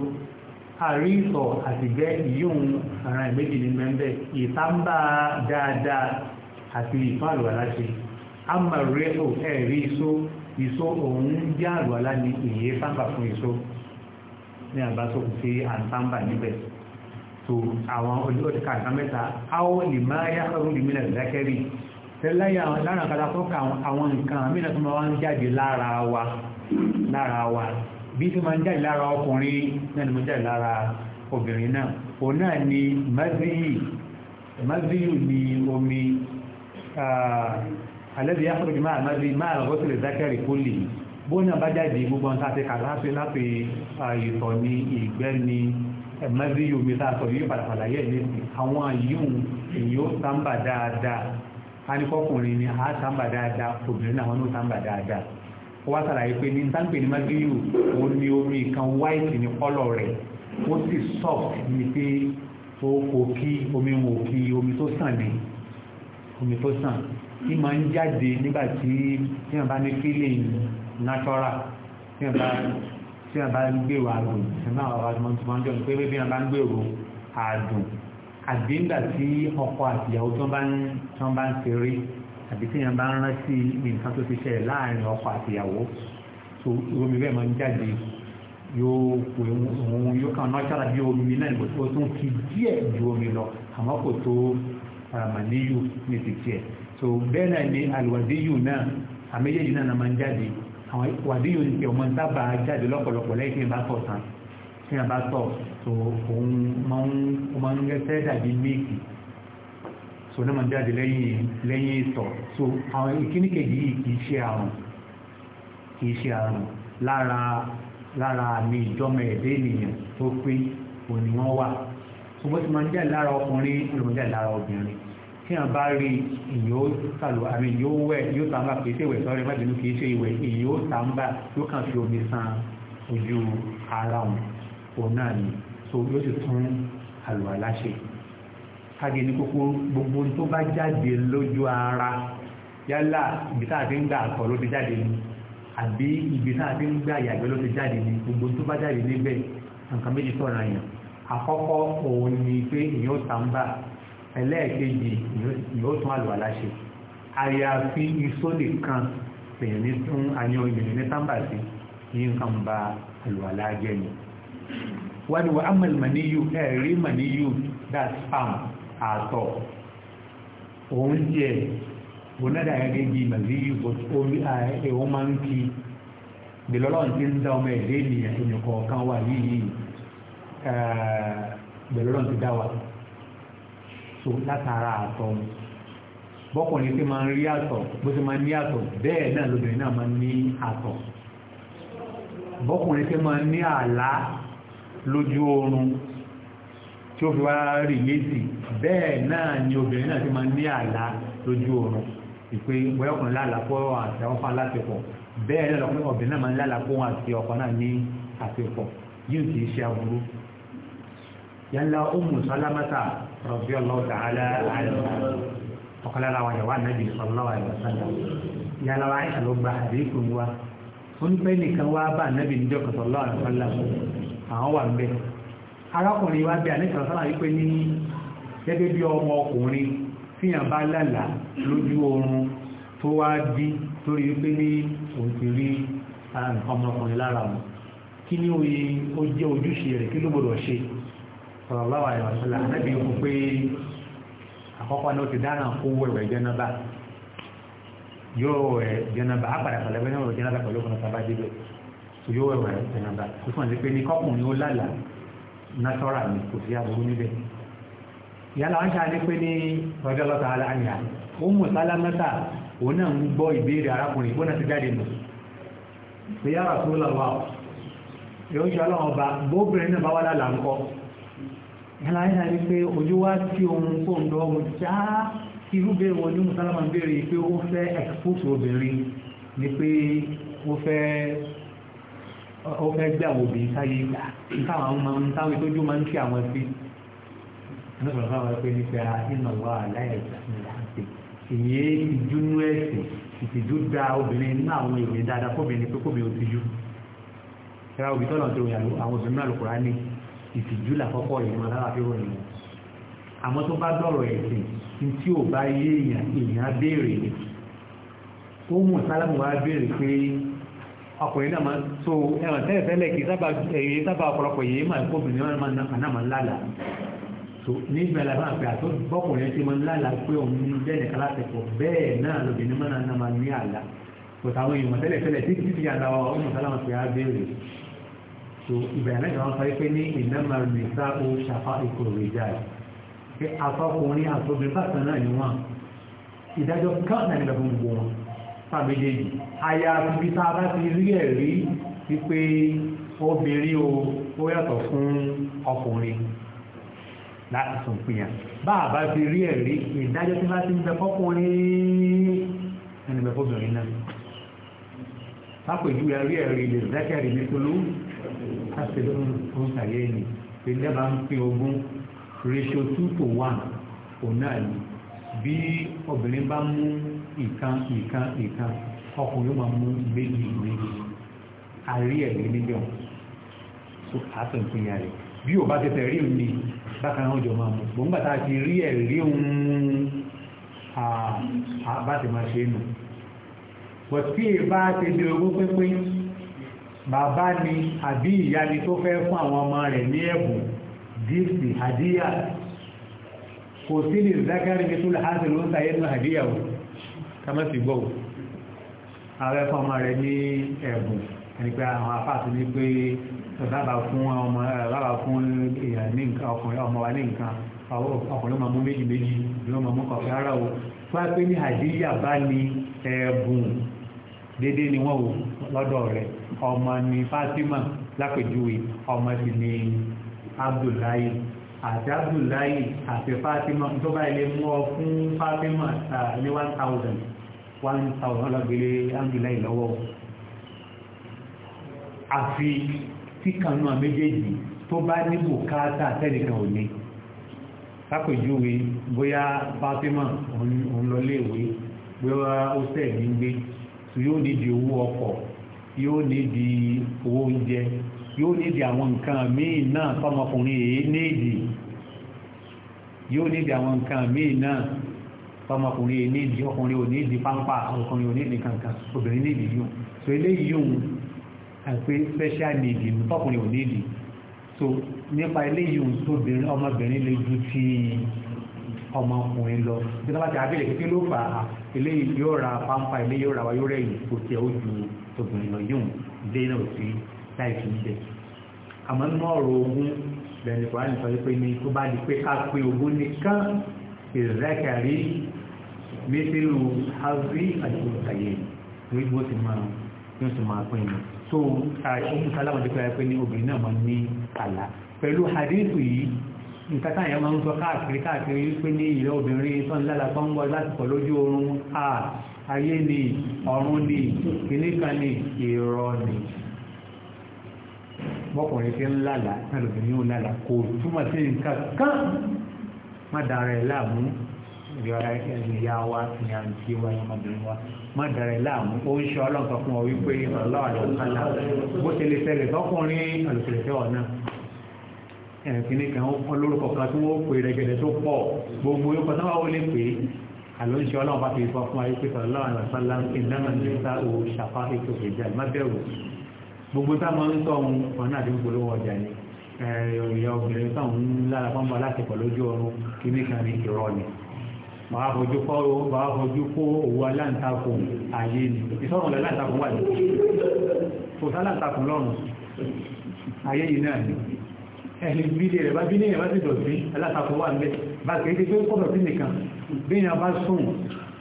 àrí ìsọ̀ àtìgbẹ́ ìyóhun ara ìméjì ní mẹ́ńbẹ́ ìtàmbá àti ìfáàlù aláṣẹ amàrẹ́lò ẹ̀rí iṣó iṣó òun jẹ́ àlùwàlá ní ìyẹ́ sábà fún iṣó ní àbásòkù sí àǹtàǹbà níbẹ̀ tó àwọn olóòtíkà nǹkan mẹ́ta áwọ́ lè máa yá ọrùn lè mílẹ̀ lákẹ́rì tẹ́láyà lára kata fọ́kà àwọn nǹkan mìíràn tó máa ń jáde lára wa lára wa bí tí máa ń jáde lára ọkùnrin náà ni mo jáde lára obìnrin náà òun náà ni maziyu maziyu ni omi alẹ́bí yàtọ̀rọ̀ máa máa bí máa lọ́wọ́ sílẹ̀ zákẹ́rì kó lè bóyá bá jáde gbogbo ọ̀nà àti kàláfẹ́ láti ìtọ̀ ní ìgbẹ́ ní ẹ̀mẹ́rí omi tá a sọ yìí pàtàkàlà yẹ̀ lẹ́sìn àwọn yìí èyí ó sáńbà dáadáa anikọ́kùnrin ni a sáńbà dáadáa obìnrin náà wọn ó sáńbà dáadáa ó wá sàlàyé pé ní sáńpè ní mẹ́ríyù òun ni omi kan white ní kọ́lọ̀ rẹ̀ ó sì soft ní pé ó kò kí omi wò kí omi tó sàn ní omi tó sàn tí máa ń jáde nígbà tí tí bá ní feeling natural tí wọ́n bá tí wọ́n bá ń gbèrò àdùn tí wọ́n bá ń tí wọ́n jọ pé bí wọ́n bá ń gbèrò àdùn àbí nígbà tí ọkọ àtìyàwó tí wọ́n bá ń tí wọ́n bá ń ṣeré àbí tí wọ́n bá ń rántí nǹkan tó ti ṣẹlẹ̀ láàrin ọkọ àtìyàwó tó omi bẹ́ẹ̀ máa ń jáde yóò pè òun yóò kàn náà ṣára omi náà ìgbà tó tún fi díẹ̀ ju omi lọ àmọ́ kò tó àmàníyù ní ti tiẹ̀ so bẹ́ẹ̀ ni àlùwàdíyù náà àméjèèjì náà máa ń jáde àwọn wàdíyù ní ti ọmọ sábà jáde lọ́pọ̀lọpọ̀ lẹ́yìn tí wọ́n bá tọ̀ tán tí wọ́n bá tọ̀ so òun máa ń gẹ́sẹ́ dàbí so na máa ń jáde lẹ́yìn lẹ́yìn ìtọ̀ so àwọn ìkíní kejì yìí kì í ṣe àrùn kì í ṣe àrùn lára lára àmì ènìyàn tó pé òní wọ́n wà ṣùgbọ́n tí máa ń jẹ́ lára ọkùnrin ìròyìn jẹ́ lára obìnrin tí wọ́n bá rí ìyó sàlù àmì yóò wẹ̀ yóò tàǹbà kìí ṣe ìwẹ̀ sọ́rẹ́ mẹ́jọ kìí ṣe ìwẹ̀ ìyó tàǹbà yóò kàn fi omi san ojú ara wọn òun náà ni so yóò sì tún àlùwàlá ṣe káàdì ní kókó gbogbo tó bá jáde lójú ara yálà ibi tá a ti ń gbà àtọ̀ ló ti jáde ni àbí ibi tá a ti ń gbà yàgbẹ́ ló ti jáde ni gbogbo tó bá jáde níbẹ̀ nǹkan méjì tọ̀ràn yàn àkọ́kọ́ òun ni pé ìyó sàmbà ẹlẹ́ẹ̀kejì ìyó tún àlùwàlá ṣe àyàfi iṣó nìkan èèyàn ní tún àyàn ìbìnrin ní sàmbà sí ní nǹkan ba àlùwàlá jẹ́ ni wọ́n ni wọ́n á mọ̀lì màníyù ẹ̀rí màníyù that spam àtọ̀ òun jẹ́ òun náà dàgbà but omi ẹ̀hún máa ń kí bìlọ́lọ́run ti ń dá ọmọ ẹ̀rẹ́ ènìyàn ènìyàn kọ̀ọ̀kan wà yìí Eh, bẹ̀rẹ̀ lọ́n ti dá wa látara àtọ̀ bọ́kùnrin tí máa ń rí àtọ̀ bó ti máa ń ní àtọ̀ bẹ́ẹ̀ náà lóbìnrin náà máa ní àtọ̀ bọ́kùnrin lójú oorun tí ó fi wá rí bẹ́ẹ̀ náà ni obìnrin náà ní àlá lójú oorun bẹ́ẹ̀ náà obìnrin náà máa ń àti ní yálà Ummu Salamata radiyallahu ta'ala anha ọ̀kan lára àwọn ìyàwó ànábì sallallahu alaihi wasallam yálà wa Aisha ló gba àdéhùn wa wọ́n pẹ́ nìkan wá bá ànábì níjọ́ kan sallallahu alaihi wasallam àwọn wà ń bẹ̀ arákùnrin wa bẹ àníkàn sọ́nà wípé ní gẹ́gẹ́ bí ọmọ ọkùnrin fíyàn bá lálà lójú oorun tó wá dí lórí wípé ní òun ọmọkùnrin lára wọn kí ni ó yẹ ojúṣe rẹ̀ kí ló gbọdọ̀ ṣe sọ̀rọ̀ lọ́wọ́ àyọ̀ ṣọlá ànábì ń kú pé àkọ́kọ́ náà ó ti dáná kó wẹ̀wẹ̀ jẹ́nàbà yóò wẹ̀ jẹ́nàbà àpàdà pàlẹ́bẹ́ náà wẹ̀ jẹ́nàbà pẹ̀lú ọkùnrin sábà débẹ̀ tó yóò wẹ̀wẹ̀ jẹ́nàbà kó fún ẹ̀ pé ní kọ́kùnrin ó lálà nátọ́rà ni kò sí àbúrú níbẹ̀ ìyálà wọn ṣáà ní pé ní ọjọ́ lọ́ta aláàyà ó mú sálámẹ́ta òun náà ń gbọ́ ìbéèrè arákùnrin bó náà ti jáde nù pé yàrá tó lọ́wọ́ yóò ṣe ọlọ́run ọba bóbìnrin náà bá wà lálàá ńkọ́ yàrá yàrá rí pé ojú wá tí ohun kó ń lọ ọmọ já irú bẹ́ẹ̀ wọn ní mùsálàmà ń béèrè pé ó fẹ́ expose obìnrin ni pé ó fẹ́ ó fẹ́ gbé àwọn obìnrin sáyé gbà táwọn máa ń táwọn ìtọ́jú máa ń kí àwọn sí ní sọ̀rọ̀ fáwọn ẹgbẹ́ nípa ah, iná wa aláyà ìgbàsílẹ̀ àti ìyẹ́ ìdúnú ẹ̀sìn ìtìjú da obìnrin ní àwọn ìròyìn dáadáa fóbìnrin pé kóbìnrin ò tijú. ìra òbí tọ́lọ̀ tó yàrá àwọn obìnrin náà lòkùnrin á ní ìtìjú làkọ́kọ́ ìmọ̀ alára fi ròyìn wọn àmọ́ tó bá dọ̀rọ̀ ẹ̀sìn tí ò bá yé èèyàn èèyàn béèrè ni ó mú sálámù wá béèrè pé ọkùnrin náà máa tó ẹ̀wọ̀n tẹ́lẹ̀ tẹ́lẹ̀ kì í sábà èyí sábà ọ̀pọ̀lọpọ̀ yìí máa kó obìnrin náà máa ń lálàá tó nígbà la máa pè àtó bọ́kùnrin ti máa ń lálàá pé òun ní bẹ́ẹ̀ nìkan láti pọ̀ bẹ́ẹ̀ náà lóbìnrin máa ń máa ní àlá kò táwọn èèyàn tẹ́lẹ̀ tẹ́lẹ̀ títí ti àlá ọmọ tó ìbẹ̀rẹ̀ náà wọ́n sọ pé ní ìnáma nìsa ó ṣàfà ìkòrò ìjà rẹ̀ pé afọkùnrin àtòbìn bákan náà ni wọ́n ìdájọ́ kan náà nígbà fún gbogbo wọn fàmìlẹ́yìn aya ibi tá a bá ti rí ẹ̀rí wípé obìnrin o ó yàtọ̀ fún ọkùnrin láti sùn pìyàn bá a bá ti rí ẹ̀rí ìdájọ́ tí bá ti ń bẹ fọkùnrin ẹni bẹ fọbìnrin náà lápèjúwe rí ẹ̀rí lè rẹ́kẹ̀rí ní tolú káṣí ló ń fún sàyẹ́ ẹ̀yìn pé lẹ́bàá ń pín ogún ratio two to one òun náà ni bí obìnrin bá mú ìkan ìkan ìkan ọkùnrin máa mú méjì méjì àrí ẹ̀mí níbẹ̀ wọn so àtọ̀ ìpín yà rẹ̀ bí ò bá tẹ̀tẹ̀ rí òun ni bákan náà jọ máa mú gbòǹgbà tá a ti rí ẹ̀rí òun bá ti máa ṣe é nù bọ̀tí ìbá ti di ogún pínpín bàbá ni àbí ìyá ni tó fẹ́ fún àwọn ọmọ rẹ̀ ní ẹ̀bùn gífì àdíyà kò sí lè zákàrí ní tó láti ló ń tàyé nínú àdíyà o kama sì gbọ́ ààrẹ fún ọmọ rẹ̀ ní ẹ̀bùn ẹni pé àwọn afáàtì ní pé bàbá fún ọmọ bàbá fún ọkùnrin ọmọ wa ní nǹkan ọkùnrin máa mú méjì méjì ló máa mú kọfẹ́ ara o wá pé ní àdíyà bá ní ẹ̀bùn dédé ni wọ́n wò lọ́dọ̀ rẹ̀ ọmọ ni Fatima lápèjúwe ọmọ sì ni Abdullahi àti Abdullahi àti Fatima tó bá ilé mú ọ fún Fatima ní one thousand one thousand lọ́gbẹ̀lẹ̀ Abdullahi lọ́wọ́ àfi tí kanú àméjèèjì tó bá ní bùkátà tẹ́nìkan ò ní lápèjúwe bóyá Fatima òun lọ léèwé bóyá ó sẹ́ẹ̀ ní gbé yóò nídìí owó ọkọ̀ yóò nídìí owó oúnjẹ yóò nídìí àwọn nǹkan míì náà tọmọkùnrin èyí nídìí yóò nídìí àwọn nǹkan míì náà tọmọkùnrin èyí nídìí ọkùnrin ò nídìí pápá ọkùnrin ò nídìí kankan obìnrin nídìí yóò so eléyìí yóò àpé special need tọkùnrin ò nídìí so nípa eléyìí yóò tóbi ọmọbìnrin lè ju ti ọmọkùnrin lọ tí wọ́n bá ti abẹ́rẹ́ kékeré ló fà á eléyìí yóò ra pampa eléyìí yóò ra wa yóò rẹ̀yìn kò tiẹ̀ ó ju tòbìnrin lọ yóò dé náà sí láì fi ń bẹ̀. àmọ́ nínú ọ̀rọ̀ ogún bẹ̀rẹ̀ nìkan láti sọ pé ní tó bá di pé ká pé ogún nìkan ìrẹ́kẹ̀rí mẹ́tẹ́lú hazi àti olùkàyè ní bó ti máa yóò ti máa pín in so ọmọ sálámà ti pé ní obìnrin náà máa ní àlá pẹ̀lú hadithu yìí nǹkan táyà máa ń sọ káàkiri káàkiri wípé ní ìyá obìnrin tó ń lálàpá ń wọ lásìkò lójú oorun a ayé ni ọ̀run ni kìnnìkan ni irọ́ ni bọ́kùnrin tí ń lálà náà lóbìnrin ò lálà kò túmọ̀ sí nǹkan kan má dara ẹ̀ láàmú ìyá wa ni à ń fi wá ọmọbìnrin wa má dara ẹ̀ láàmú ó ń ṣe ọlọ́nkàn fún ọ wípé ọlọ́ọ̀dọ̀ kan náà bó ṣe lè tẹ̀lé bọ́kùnrin àlùkò ọ̀ náà ẹ̀kíní kan ó lórúkọ kan tí wọ́n pè rẹ̀gẹ̀dẹ̀ tó pọ̀ gbogbo yóò pọ̀tán wọ́n lè pè àlọ́ ìṣẹ́ ọlọ́run bá fi sọ fún ayé pé sọ̀rọ̀lá àwọn àṣálá ìdáná ní ìta ò ṣàfá ètò ìjà ìmábẹ̀rù gbogbo táwọn ń sọ ohun ọ̀nà àti gbogbo ọjà ni ìyá obìnrin táwọn ń lára fún bọ́lá àtẹ̀kọ̀ lójú ọrùn kíní kan ní ìrọ̀ ni màá fojú kọ́ màá fojú kó òwú aláǹtakùn ayé ni ìsọ̀rùn aláǹtakùn wà ní kò sálàǹtakùn lọ́rùn ayé yìí náà ni ẹni bílé rẹ̀ bá bí ní ẹ̀bá ti dọ̀tí alátakò wà lẹ́ bá kẹ́kẹ́ pé kọ́bọ̀ sí nìkan bí i bá sùn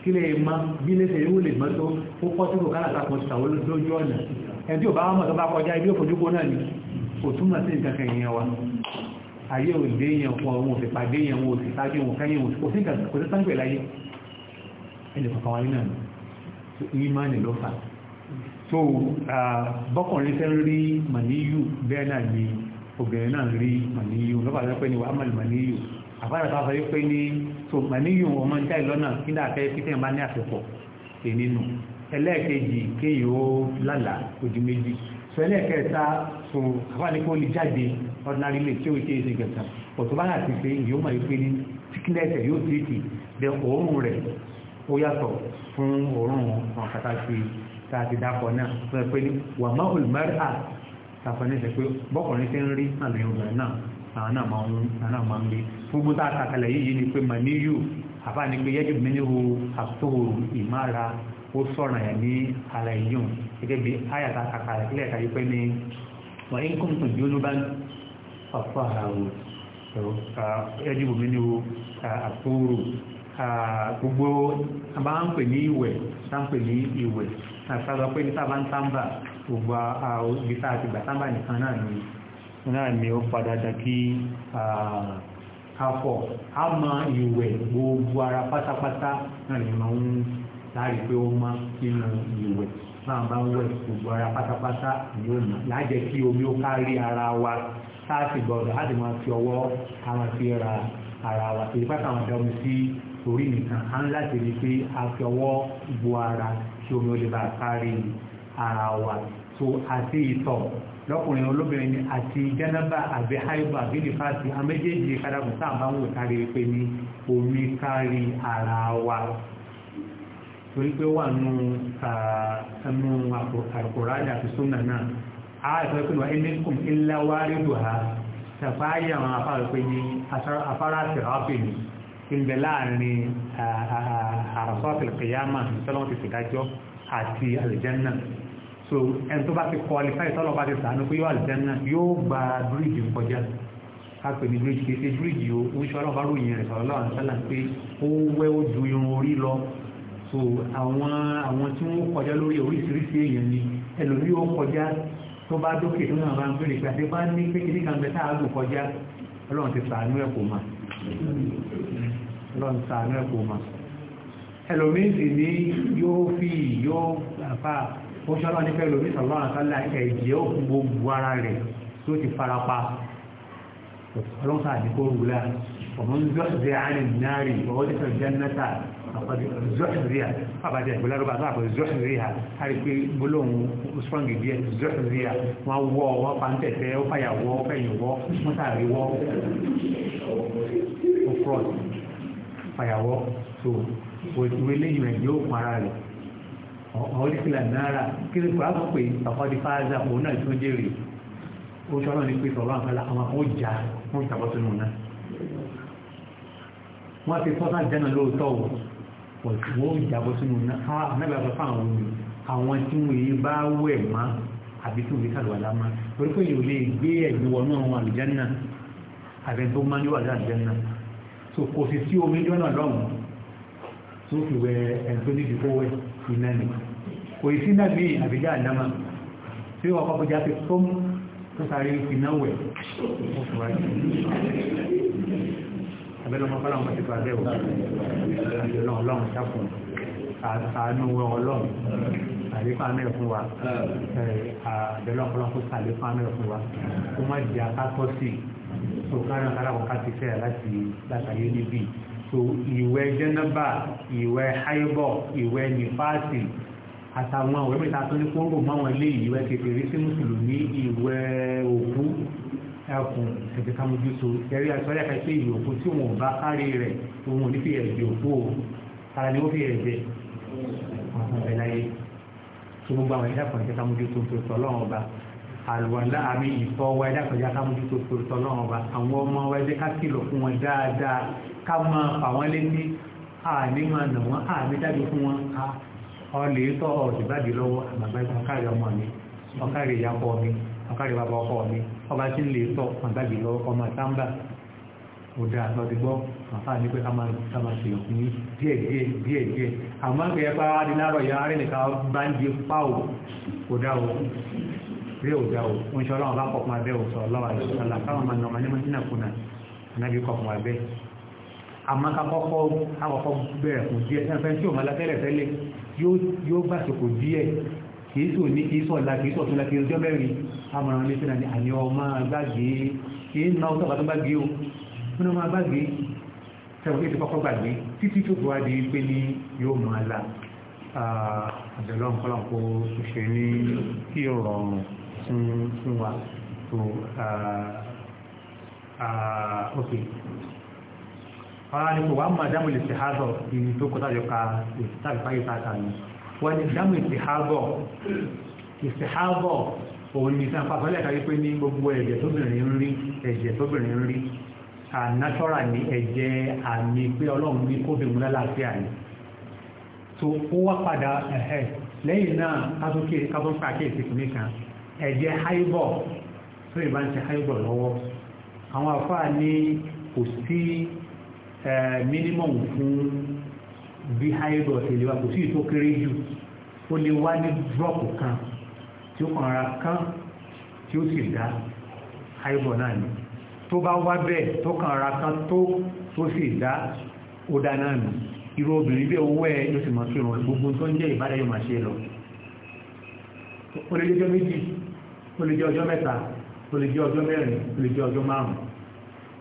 kí lè ma bí lẹ́sẹ̀ yóò lè mọ́tò ó pọ́ sí kò kálátakò sàwọ́ lójú ọ̀nà ẹni tí ò bá wọ́n mọ̀ tó bá kọjá ibi òfojúgbó náà ni kò túmọ̀ sí nǹkan kan yẹn wa ayé ò dé yẹn pọ̀ wọn ò sì pàdé yẹn wọn ò sì sáájú wọn kẹ́yìn wọn kò sí kò sí sáńpẹ̀ láyé ẹni kọ̀ọ̀kan wáyé náà ni ìmánì ló fà so bọ́kùnrin fẹ́ rí màníyù bẹ́ẹ̀ náà ni obìnrin náà rí màníyù lọ́pàá pé ní wàá mọ̀ màníyù àbára bá fẹ́ pé ní so màníyù ọmọ ń jáì lọ́nà kí ní àfẹ́ kí tẹ̀yìn bá ní àfẹ́pọ̀ ṣe nínú ẹlẹ́ẹ̀kejì kéyìí ó lálà ojú méjì so ẹlẹ́ẹ̀kẹta so àbá ní kó lè jáde ordinary lè tí ó ṣe ṣe gẹ̀ta ọ̀tọ̀ bá láti ṣe yóò mọ̀ pé ní thickness ẹ̀ yóò tìrìtì then òórùn rẹ̀ ó yàtọ̀ fún òórùn ọ̀kàtà sí tá ti dákọ̀ náà fún ẹ pé ní wàmọ́ olùmọ́rẹ́ àfẹnẹsẹ pé bọ́kùnrin ti ń rí àlẹyìn obìnrin náà àwọn náà máa ń àwọn náà máa ń rí gbogbo tá a kàkàlẹ̀ yìí ni pé màníyù àfáàní pé yẹ́jú mi ní wo àtòwò ìmára ó sọ̀ràn yẹn ní ara ìyún gẹ́gẹ́ bí àyàtà kàkàlẹ̀ kílẹ̀ káyí pé ní wọ́n ń kún tún yóò ló bá ń ọ̀pọ̀ ara o yẹ́jú mi ní wo àtòwò gbogbo àbá ń pè ní ìwẹ̀ tá ní ìwẹ̀ àtàwọn pé ní sábà ń sábà gbogbo ibi tá a ti gbà sábà nìkan náà ni náà ni ó padà dà kí káfọ̀ á mọ ìwẹ̀ gbogbo ara pátápátá náà ni máa ń láàrin pé ó mọ nínú ìwẹ̀ máa bá ń wẹ̀ gbogbo ara pátápátá ni ó mọ lájẹ́ kí omi ó kárí ara wa tá a sì gbọdọ̀ láti máa fi ọwọ́ ká máa fi ra ara wa èyí pátá àwọn ọ̀dọ́ sí orí nìkan á ń láti rí pé a fi ọwọ́ bo ara kí omi ó lè bá a kárí ni ara wa so àti ìtọ̀ lọ́kùnrin olóbìnrin ni àti jẹ́nàbà àbí haiba àbí nífàsì àméjèèjì kádàkùn sáà bá ń wò kárí pé ní omi kárí ara wa torí pé wà nù ẹnu àkùránì àti súnà náà a ìfẹ́ pé wà ilé kùn ilé wárí dùn ha ṣàfáàyè àwọn afárá pé ní afárá tìrápì ni ìgbẹ́ láàrin àràsọ́ọ̀tì kìyàmà ìṣẹ́lọ́wọ́n ti ṣèdájọ́ àti àlìjẹ́nnà náà so ẹni tó bá ti qualify tọ́lọ̀ bá ti sàánú pé yóò àlùjẹ́nà yóò gba bíríìjì kọjá kápẹ́ ní bíríìjì kì í ṣe bíríìjì o ń ṣe ọlọ́ba ròyìn rẹ̀ sọ̀rọ̀ lọ́wọ́ sọ́là pé ó wẹ́ ó ju irun orí lọ so àwọn àwọn tí wọ́n kọjá lórí oríṣiríṣi èèyàn ni ẹlòmíì ó kọjá tó bá dókè tó náà bá ń bèrè pé àti bá ní kékeré kan bẹ táàgù kọjá ọlọ́run ti sàánú ẹ̀ kò mà ọlọ́run ti sàánú ẹ̀ kò mà ẹlòmíì sì ní yóò fi yóò ó ṣọ́nà ní pẹ̀lú omi sọ̀rọ̀ àwọn sọ́lá ẹ̀jẹ̀ òkú gbogbo ara rẹ̀ tó ti farapa ọlọ́sà àdìgbò rúlá ọ̀mọ́n zọ́ọ̀zẹ́ àánì náàrí ọwọ́ tí sọ̀rọ̀ jẹ́nẹ́ta zọ́ọ̀zẹ́à àbájá ìgbòlá rọ́bà tó àpò zọ́ọ̀zẹ́à àríkpé gbólóhùn strong díẹ̀ zọ́ọ̀zẹ́à wọ́n wọ́ wọ́n pàǹtẹ̀tẹ̀ ó fàyàwọ́ fẹ̀yìnwọ́ mọ́tàríwọ́ ó fọ́ọ̀tì fàyàwọ́ tó ìwé lẹ́yìn rẹ̀ rẹ̀ ọ̀ọ́díkìlà náírà kí ló kúrò àpapọ̀ àkọ́dí fáázà òun náà tó jèrè ó sọ́nà ní pé tọ̀rọ̀ àǹfààní àwọn àwọn ọjà wọn ìtàbọ̀ sínú náà wọ́n ti fọ́nà jẹ́nà lóòótọ́ wọ́n ìjàbọ̀ sínú náà anábìàbọ̀ fáwọn omi àwọn tí wọ́n yé bá wẹ̀ má àbí tí wọ́n yé kàlùwà lámá torí pé yóò lè gbé ẹ̀gbìn wọnú àwọn àlùjànnà àbẹ̀ tó máa ń yọ àlùjànnà so kò sì sí omi jọ́nà lọ́hùn tó fi wẹ ẹni tó níbi kó wẹ iná ni kò sí náà bí àbíjá àdámà tí wọ́n kọ́kọ́ jáde tó mú tó sáré iná wẹ̀ ó fi wáyé abẹ́lẹ́ ọmọ fọlọ́n bá ti fà bẹ́ẹ̀ wò ọlọ́run sáfún àánú ọlọ́run àlékún amẹ́rẹ̀ fún wa àbẹ̀lẹ́ ọ̀pọ̀lọpọ̀ kó sàlékún amẹ́rẹ̀ fún wa kó má jẹ́ akátọ́ sí i tó kárí ọ̀kadà kọ́ká ti fẹ́ láti látàyé níbí so ìwẹ̀ jẹ́nàbà ìwẹ̀ haibọ̀ ìwẹ̀ nífàásì àtàwọn ọ̀rẹ́ mẹ́ta tó ní kóńgò máwọn ilé ìwẹ̀ kékeré sí mùsùlùmí ìwẹ̀ òkú ẹkùn ẹ̀jẹ̀ kàmójútó ẹ̀rí àtúwárí àkàṣe ìwẹ̀ òkú tí wọn ò bá kárí rẹ̀ òun ò ní fi ẹ̀jẹ̀ òkú o tara ni ó fi ẹ̀jẹ̀ ọ̀hún ẹ̀ láyé tó gbogbo àwọn ẹ̀jẹ̀ àkànṣe kàmójútó tó sọ ọlọ́run ọba àlùwàlá àmì ìfọ̀ wa ẹ̀dá kọjá ká mójútó torí tọ́lọ́run àwọn ọmọ wa ẹ̀dá ká kìlọ̀ fún wọn dáadáa ká máa fà wọ́n létí àní máa nà wọ́n fún wọn ká ọlẹ́ tọ́ ọ̀dùbàdì lọ́wọ́ àgbàgbà ọ̀kárí ọmọ mi mi bàbá ọkọ mi ọba tí ń lè tọ́ lọ́wọ́ ọmọ sáńbà ní pé ká máa ṣe òkú ní bẹ́ẹ̀ ò dá o ń ṣe ọlọ́run bá kọ̀ fún wa bẹ́ẹ̀ ò sọ ọlọ́run àti ìṣọ̀lá káwọn máa nà ọmọ ní mọ́tínà kùnà ànábì kọ̀ fún wa bẹ́ẹ̀ àmọ́ kakọ́kọ́ akọ́kọ́ bẹ̀rẹ̀ fún díẹ̀ ẹnfẹ́ tí òun alátẹ́lẹ̀ tẹ́lẹ̀ yóò gbà sòkò díẹ̀ kìí sò ní kìí sọ̀la kìí sọ̀tún la kìí ọjọ́ mẹ́rin amọ̀ràn ní sínú àní ọmọ gbàgbé kìí nà ọtọ́ àbátọ́ gbàgbé o nínú ọmọ gbàgbé sẹ́wọ̀n kí ti kọ́kọ́ gbàgbé títí tó bọ́ adé pé ní yóò mọ̀ ọ́ la àbẹ̀lọ́ nǹkan kó ṣe ní kí rọrùn fún fún wa tó uh, uh, okay ọ̀rá ni kò wá máa dámù lè ṣèhágọ̀ ibi tó kọ́ tàbí ká tàbí fáyé tààtà ni wọ́n ni dámù ìṣèhágọ̀ ìṣèhágọ̀ òun ni sáà pàtàkì àkàrí pé ní gbogbo ẹ̀jẹ̀ tóbìnrin ń rí ẹ̀jẹ̀ tóbìnrin ń rí ànátọ́rà ní ẹ̀jẹ̀ àmì pé ọlọ́run ní kóbìnrin lálàáfíà ni tó ó wá padà ẹ̀hẹ́ lẹ́yìn náà kátó pàkíyèsí kìnnìkan ẹ̀jẹ̀ haibọ̀ tó ìbá ń ṣe haibọ̀ lọ́wọ́ àwọn àfáà ní kò sí minimum fún bí haibọ̀ ti lè wá kò sí ìtó kéré jù ó lè wá ní drop kan tí ó kàn ra kán tí ó sì dá haibọ̀ náà ni tó bá wá bẹ́ẹ̀ tó kàn ra kán tó tó sì dá ó dá náà nù irú obìnrin bí owó ẹ yóò sì mọ̀ sí ìrànwọ́ gbogbo tó ń jẹ́ ìbádá máa ṣe lọ ó lè jẹ́jọ́ méjì ó lè jẹ́ ọjọ́ mẹ́ta ó lè jẹ́ ọjọ́ mẹ́rin ó lè jẹ́ ọjọ́ márùn-ún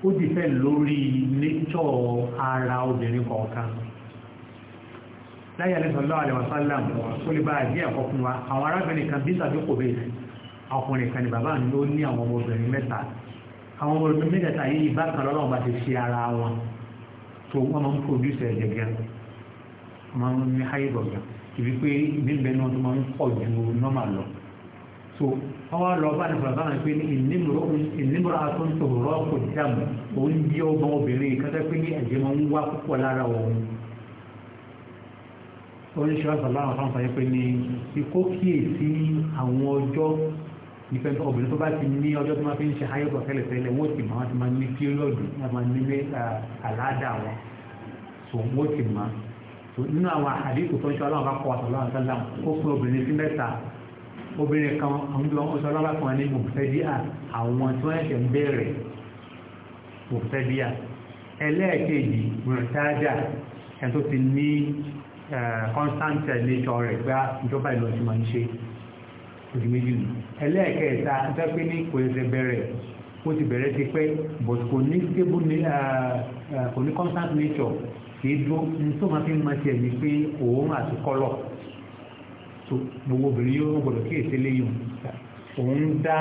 ó ti fẹ́ lórí nature ara obìnrin kọ̀ọ̀kan láyé alẹ́sọ̀lá alẹ́wàsálàm ó lè bá àdí ẹ̀kọ́ fún wa àwọn arábìnrin kan bí sàbí kò bèèrè ọkùnrin kan ni bàbá mi ló ní àwọn ọmọbìnrin mẹ́ta àwọn ọmọbìnrin mẹ́tẹ̀ẹ̀ta yìí bákan lọ́lọ́run bá ti ṣe ara wọn tó wọ́n máa ń produce ẹ̀jẹ̀ gan wọ́n máa ń ní háyé ìbí pé nígbẹ́ náà tó máa ń pọ̀ ju normal lọ so àwọn lọ bá ní fàlàfà náà pé ní ìnímọ̀rọ̀ àtúntò rọ̀ kò dàmú òun jẹ́ ọmọ obìnrin kátà pé ní ẹ̀jẹ̀ máa ń wá púpọ̀ lára òun oníṣẹ́ àfàlà àwọn afáǹfà yẹn pé ní ikó kíyèsí àwọn ọjọ́ ìfẹ́ obìnrin tó bá ti ní ọjọ́ tó máa fi ń ṣe ayọ́tọ̀ tẹ́lẹ̀tẹ́lẹ̀ wọ́n ti máa ti máa ní píríọ̀dù wọ́n máa ní ní àládà wọn so wọ́n ti máa nínú àwọn àdínkù tó ń ṣe aláwọ̀ bá kọ́ àtọ̀lọ́wọ́ àtọ́lá ó fún obìnrin sí mẹ́ta obìnrin kan ọ̀njọ́ oṣù alábàkan ní mọ̀fẹ́bíà àwọn tí wọ́n ṣẹ̀ ń bẹ̀rẹ̀ mọ̀fẹ́bíà ẹlẹ́ẹ̀kejì mọ̀tájà ẹ̀ tó ti ní constant nature rẹ̀ pé ah, ìjọba ìlú ọ̀sìn máa ń ṣe òdì méjì nù ẹlẹ́ẹ̀kẹta dápé ní kò ṣe bẹ̀rẹ̀ ó ti bẹ̀rẹ̀ ti pẹ́ but kò ní stable kò ní constant nature kì í dúró ní tó máa fi ń mọ tiẹ̀ ní pé òun àti kọ́lọ̀ so gbogbo obìnrin yóò gbọdọ̀ kí èsì léyìn òun dá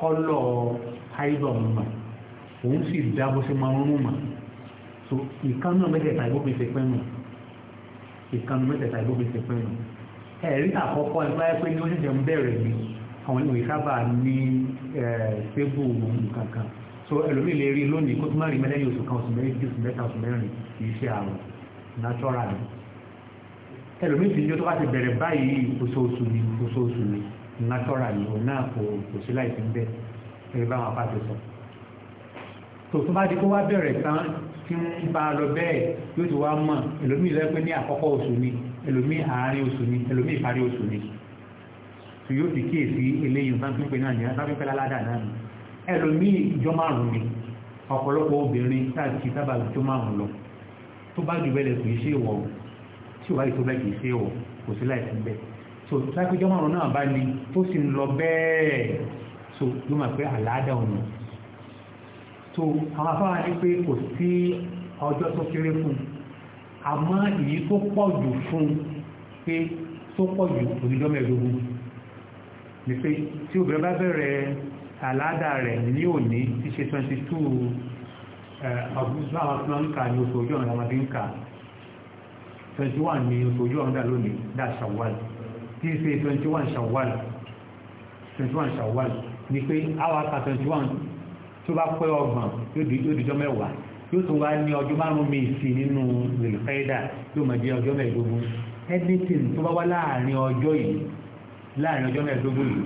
kọ́lọ̀ àìsàn ọ̀hún mà òun sì dá bó ṣe máa ń rún mà so ìkànnì mẹ́tẹ̀ẹ̀ta ìbókun ṣe pẹ́ nù ìkànnì mẹ́tẹ̀ẹ̀ta ìbókun ṣe pẹ́ nù ẹ̀rí àkọ́kọ́ ẹgbẹ́ pé ní ó ń bẹ̀rẹ̀ ni àwọn ìwé sábà ní ṣébù nǹkan so ẹlòmíì lè rí lónìí kó tó má rí mẹ́lẹ́yìn oṣù kan oṣù mẹ́rin kì í ṣe àrùn natural ni ẹlòmíì ti yóò tó bá ti bẹ̀rẹ̀ báyìí oṣooṣù ni oṣooṣù ni natural òun náà kò kò sí láì fi ń bẹ́ ẹgbẹ́ báwọn apá ti sọ tòtún bá di kó wá bẹ̀rẹ̀ tán tí ń bá a lọ bẹ́ẹ̀ yóò ti wá mọ̀ ẹlòmíì lọ pé ní àkọ́kọ́ oṣù ni ẹlòmíì àárín oṣù ni ẹlòmíì ìparí oṣù ni tí yóò ti kíyèsí eléyìí nǹkan pípé náà nìyẹn sábẹ́ pẹ́ láládà náà ni ẹlòmíì ìjọ márùn-ún ni ọ̀pọ̀lọpọ̀ obìnrin táàkì sábà ìjọ márùn-ún lọ tó bá jù bẹ́ẹ̀ lẹ̀ kò ṣe ìwọ̀ ọ̀hún tí ò bá yìí tó bẹ́ẹ̀ kì í ṣe ọ̀ kò sí láì fún bẹ́ẹ̀ so sápéjọ́ márùn náà bá ní tó sì ń lọ bẹ́ẹ̀ so ló máa pé àlàáda ọ̀nà so àwọn afárá ní pé kò sí ọjọ́ tó kéré fún àmọ́ èyí tó pọ̀ jù fún pé tó pọ̀ jù onídọ́ mẹ́ẹ̀ẹ́dógún ni pé tí obìnrin bá bẹ̀rẹ̀ àlàáda rẹ̀ ní òní ti ṣe twenty two ọ̀gbìn eh, tí wọ́n máa ń kà oṣù ọjọ́ ọ̀nà làwọn fi ń kà twenty one ni ojú ọ̀run dà lónìí dà ṣàwọ́lì tí í ṣe twenty one ṣàwọ́lì twenty one ṣàwọ́lì ni pé àwọn aka twenty one tó bá pẹ́ ọgbọ̀n yóò dìjọ́ mẹ́wàá yóò tún wá ní ọjọ́ márùn-ún mi sí nínú rìlfẹ́dà yóò máa jẹ́ ọjọ́ mẹ́ẹ̀ẹ́dógún anything tó bá wá láàrin ọjọ́ yìí láàrin ọjọ́ mẹ́ẹ̀ẹ́dógún yìí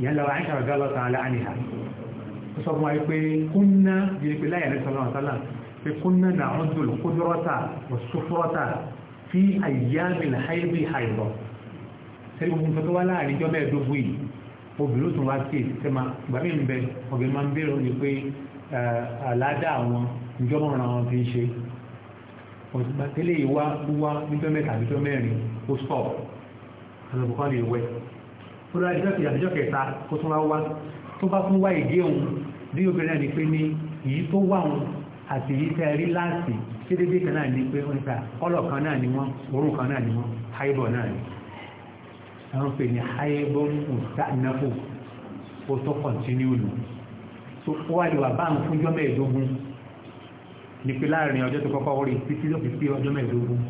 ìyẹn lọ́wọ́ àìsàn ọ̀gá lọ́sàn-án aláàníhà ó sọ fún wa pé kúnná yìí pé láyé àdéṣọ́lá ọ̀sálà pé kúnná nà ọ́dún kódúrọ́tà ọ̀ṣọ́fọ́rọ́tà fi àyàmìlì àìrí àìrọ̀ ṣe gbogbo nǹkan tó wá láàrin ìjọba ẹ̀dógún yìí obìnrin tún wá sí ìsẹ́mà ìgbà mí ń bẹ obìnrin máa ń bèrè ní pé àládà àwọn ìjọba ọ̀ràn àwọn fi ń ṣe òṣùpá tẹ́lẹ̀ ìwá wúwá níjọ́ mẹ́ta àbíjọ́ mẹ́rin ó sọ̀ àlọ́bùkọ́ lè wẹ̀ ó lọ́wọ́ àdíjọ́ kejì àdíjọ́ kẹta ó tún wá wá tó bá tún wá ìdí òun bí obìnrin náà pé ní èyí tó wà òun àti èyí tẹ́ rí láti ṣé dédé kan náà ní pé wọ́n ta kọ́lọ̀ kan náà ni wọ́n òórùn kan náà ni wọ́n haibọ̀ náà ni àwọn pè ní haibọ̀ mùsànàfò ó tó kọ̀ntínú nù tó ó wá ìwà bá ń fúnjọ́ mẹ́ẹ̀ẹ́dógún ní pé láàrin ọjọ́ tó kọ́kọ́ rí títí ló fi pé ọjọ́ mẹ́ẹ̀ẹ́dógún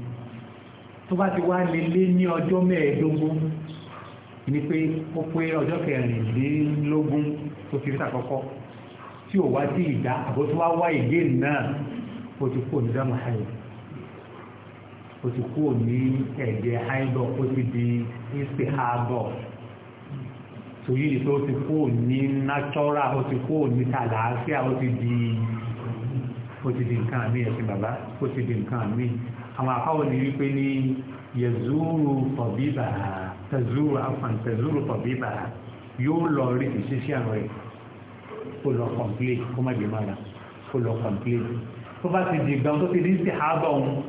tó bá ti wá lé lé ní ọjọ́ mẹ́ẹ̀ẹ́dógún ní pé ó pé ọjọ́ kẹrìnlélógún tó fi rí tàkọ́kọ́ tí ò wá sí ìdá àbótúwá wá ìgé náà ó ti kúrò ní dámù haid ó ti kúrò ní ẹ̀jẹ̀ haidọ̀ ó ti di istihadọ̀ tòyí ni pé ó ti kúrò ní natural ó ti kúrò ní tàlàáfíà ó ti di ó ti di nǹkan mi ẹ̀sìn bàbá ó ti di nǹkan mi àwọn àkáwọ̀ ni wípé ní yẹ̀zúrù tọ̀bíbà tẹ̀zúrù afàn tẹ̀zúrù tọ̀bíbà yóò lọ rí ìṣesí àrẹ kó lọ kọ̀m̀plé kó má gbé má ra kó lọ kọ̀m̀plé tó bá ti di ìgbàun tó ti rí sí àbá ohun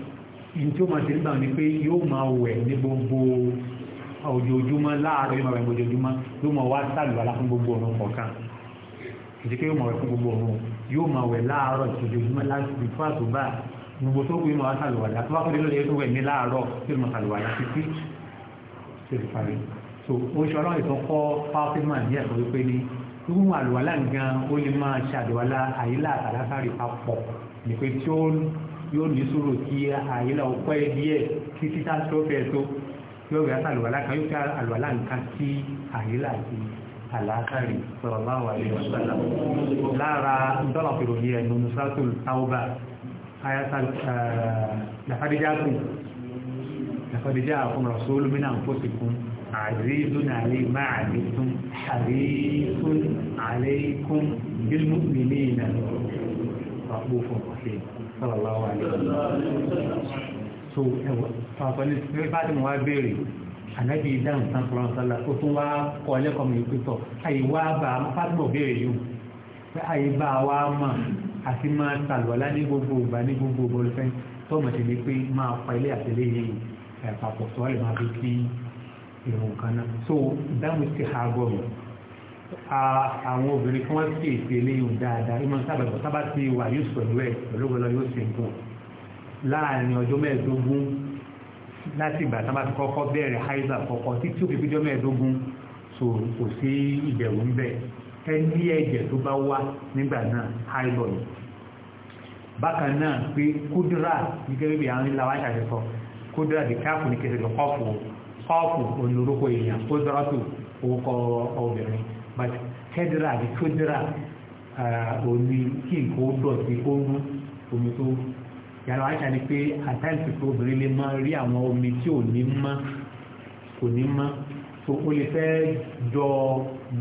in tí ó máa ṣe nígbà ní pé yóò máa wẹ̀ ní gbogbo ojoojúmọ́ láàárọ̀ yóò máa wẹ̀ ojoojúmọ́ yóò máa wá sàlù alá fún gbogbo ọ̀run kọ̀ọ̀kan ìdíkẹ́ yóò máa wẹ̀ fún gbogbo ọ̀run yóò máa wẹ̀ láàárọ̀ ojoojúmọ́ láti fi fún àtúbà gbogbo tó kù yóò máa wá sàlù alá so oṣù ọlọ́run ìtọ́kọ́ fáfíìmà ní ẹ̀kọ́ wípé ní irú àlùwàlá nǹkan ó lè máa ṣàlùwàlá àyílà àtàlásárì papọ̀ nípe tí ó yóò ní sùúrù kí àyílà ó pẹ́ díẹ̀ kí títà tó fẹ́ tó yóò rí àlùwàlá kan yóò fi àlùwàlá nǹkan sí àyílà àti àlásárì sallallahu alaihi wasallam lára ńdọ́làfẹ́rò yẹ nínú suratul Tauba ayatul eh, laqad ja'akum laqad ja'akum rasulun min anfusikum عزيز عليه ما عزيزتم حريص عليكم بالمؤمنين رؤوف رحيم صلى الله عليه وسلم so ọ̀pọ̀lẹ́ tí wọ́n bá ti mọ̀ wá béèrè ànábì ìdáhùn san fúnra sọ́la ó tún wá kọ́ ẹlẹ́kọ̀ọ́ mi pé tọ̀ àyè wá bá a fásitì béèrè yìí pé àyè bá a wá mọ̀ àti máa sàlùwàlá ní gbogbo ìgbà ní gbogbo olùfẹ́ tó mọ̀ sí ni pé máa pa ilé àtẹlẹ́yìn papọ̀ tó wà lè máa fi kí ìrùn so ìdáhùn sí àgọ́rù àwọn obìnrin kan wá sí èsì eléyìí dáadáa ìmọ̀ sábà ìgbà sábà ti wà yóò pẹ̀lú ẹ̀ pẹ̀lú ọ̀gbọ́n yóò sì ń bọ̀ láàrin ọjọ́ mẹ́ẹ̀ẹ́dógún láti ìgbà sábà ti kọ́kọ́ bẹ̀rẹ̀ haiza kọ́kọ́ títí ó fi fi jọ́ mẹ́ẹ̀ẹ́dógún so kò sí ìbẹ̀rù ń bẹ̀ ẹni ẹ̀jẹ̀ tó bá wá nígbà náà haibọ̀ ni bákan náà pé kúdúrà gẹ́gẹ́ bí àwọn ńlá wáṣà ti sọ kúdúrà dìkáàfù ní kẹsìlẹ̀ kọ́ọ̀fù kọ́ọ̀pù olórúkọ èèyàn kódírátù orúkọ obìnrin but kẹ́dírà àti kódírà òní kí nǹkan ó dọ̀tí ó rú omi tó yàrá àṣà ni pé àtàǹtì tó obìnrin lè máa rí àwọn omi tí ò ní mọ́ kò ní mọ́ so ó lè fẹ́ jọ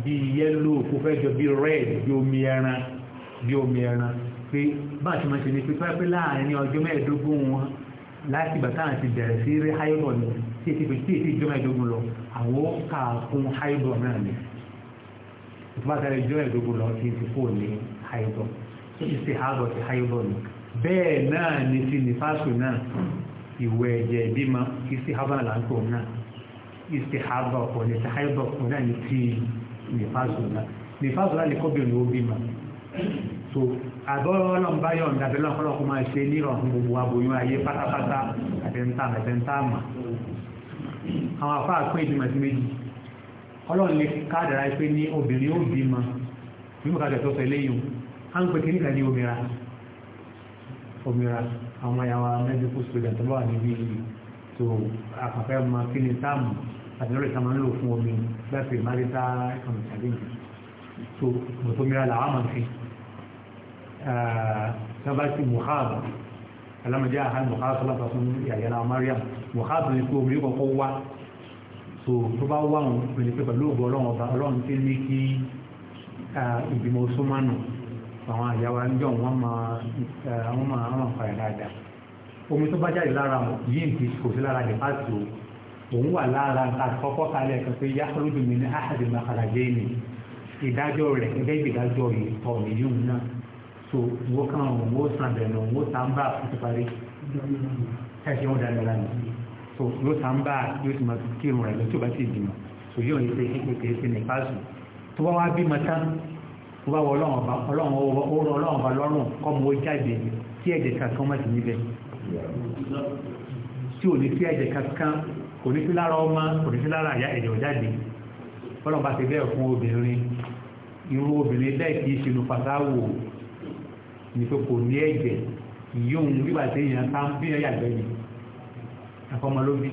bí yẹ́lò kó fẹ́ jọ bí red bí omi ẹran bí omi ẹran pé bá a ti máa ṣe ni pé pẹ́pẹ́ láàrin ọjọ́ mẹ́ẹ̀ẹ́dógún wọn láti bàtà àti bẹ̀rẹ̀ sí rí háyọ̀ nìyẹn tí èsì pé tí èsì ìjọba ìdógún lọ àwọn kààkùn haidọ náà ni ìfúnpátára ìjọba ìdógún lọ ti ti fò ní haidọ tó ti ṣe haidọ ti haidọ ni bẹ́ẹ̀ náà ni ti nífàsù náà ìwẹ̀ ẹ̀jẹ̀ ìbímọ kì í ṣe haidọ náà láńtò náà ìṣe haidọ ọ̀pọ̀ ní ti haidọ ọ̀pọ̀ náà ni ti nífàsù náà nífàsù náà ni kọ́bìnrin ó bímọ so àbọ̀rọ̀ ọlọ́mbá yọ̀ǹda bẹ́ẹ̀ lọ́kọ́lọ́kọ́ máa ṣe nírọ̀ fún gbogbo aboyún ayé pátápátá àtẹ̀ntàmà àtẹ̀ntàmà àwọn afá pé ìdìmọ̀ sí méjì ọlọ́run lè kádàrá pé ní obìnrin ó bímọ bímọ kájọ tó fẹ́ léyìn a ń pè kí nígbà ní omira omira àwọn ayàwó medical student tó bá wà níbi tó àkàfẹ́ mọ kí ni táàmù àti lórí ìtàmọ́ nílò fún omi gbẹ́fẹ̀ máríta economic challenge tó mọ̀tòmíra làwọn máa fi tí wọ́n bá ti alámọ̀dé àhán mọ̀kásọ́lọ́pàá fún yàyàrá mariam mọ̀kásọ́ ní pé obìnrin kọ̀ọ̀kọ́ wá so tó bá wà wọn pẹ̀lú pé pẹ̀lú ògbọ́ ọlọ́run ọba ọlọ́run tí ní kí ìgbìmọ̀ sọ́mánù àwọn àyàwó ẹnjọ́ wọn máa wọn máa wọn máa fàyà dáadáa omi tó bá jáde lára wọn yìí ti kò sí lára lè pàṣẹ o òun wà lára nǹkan kọ́kọ́ kalẹ̀ kan pé yáhùrúdùmí ní áhàdì màkàràjẹ́ ni ìdájọ́ rẹ̀ gẹ́gẹ́ ìdájọ́ ìtọ̀ so wọ́n kàn wọ́n san bẹ̀rẹ̀ náà wọ́n san bá fún ti parí ẹ̀sìn wọn dáná so yóò san bá yóò ti máa kí irun rẹ̀ lọ tí o so yóò yẹ pé kékeré kéré sí nípa sùn tó bá wá bímọ tán tó bá wọ ọlọ́run ọba ọlọ́run ọba lọ́rùn kọ́ mọ́ ó jáde tí ẹ̀jẹ̀ kankan má ti níbẹ̀ tí ò ní sí ẹ̀jẹ̀ kankan kò ni, sí lára ọmọ kò ní sí lára àyà ẹ̀jẹ̀ ọ̀jáde ọlọ́run ti bẹ́ẹ̀ fún obìnrin irú obìnrin bẹ́ẹ̀ kì í ṣe lu ní pé kò ní ẹ̀jẹ̀ ìyóhun bíbà tí èèyàn ká ń bí ẹ̀yà àgbẹ̀ ni àfọmọ ló bí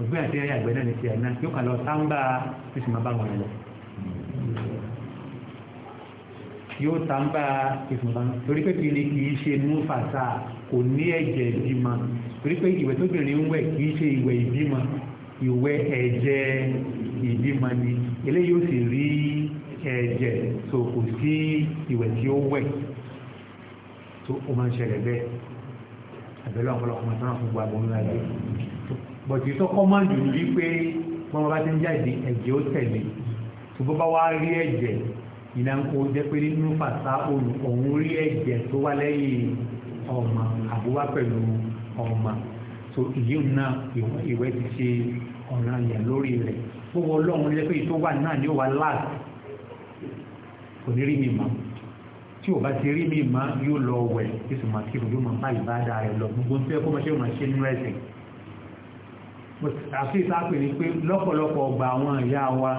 òbí àti ẹ̀yà àgbẹ̀ náà ní ti àná yóò kà lọ sáńbà tó sì máa bá wọn lọ yóò sáńbà ìfúnpá torí pé kì í ṣe mú fàtà kò ní ẹ̀jẹ̀ ìbímọ torí pé ìwẹ̀ tóbìnrin ń wẹ̀ kì ṣe ìwẹ̀ ìbímọ ìwẹ̀ ẹ̀jẹ̀ ìbímọ ni eléyìí ó sì rí ẹ̀jẹ̀ so kò sí ìwẹ̀ tí ó wẹ̀ tó o máa ń ṣẹlẹ̀ bẹ́ẹ̀ àbẹ̀lẹ̀ ọ̀pọ̀lọpọ̀ máa sára fún gbogbo àgbọ̀n láyé bọ̀dì tó kọ́ máa ń dùn rí pé wọ́n bá ti ń jáde ẹ̀jẹ̀ ó tẹ̀lé tó bọ́ bá wá rí ẹ̀jẹ̀ ìnáko jẹ́ pé nínú fàṣà òun òun rí ẹ̀jẹ̀ tó wá lẹ́yìn ọmọ àbúwá pẹ̀lú ọmọ tó ìyí náà ìwẹ́ ti ṣe ọ̀ràn yẹn lórí rẹ̀ gbogbo ọlọ́run jẹ́ pé ìtó náà ni ó wà kò ní rí mi mọ́ tí o bá ti rí mi máa yóò lọ wẹ̀ tí sùn máa kírun yóò máa bá ìbáda rẹ̀ lọ gbogbo tí ẹkọ́ mọ́ṣẹ́ máa ṣe nínú ẹ̀sìn àfi ìsápè ni pé lọ́pọ̀lọpọ̀ ọgbà àwọn ìyá wa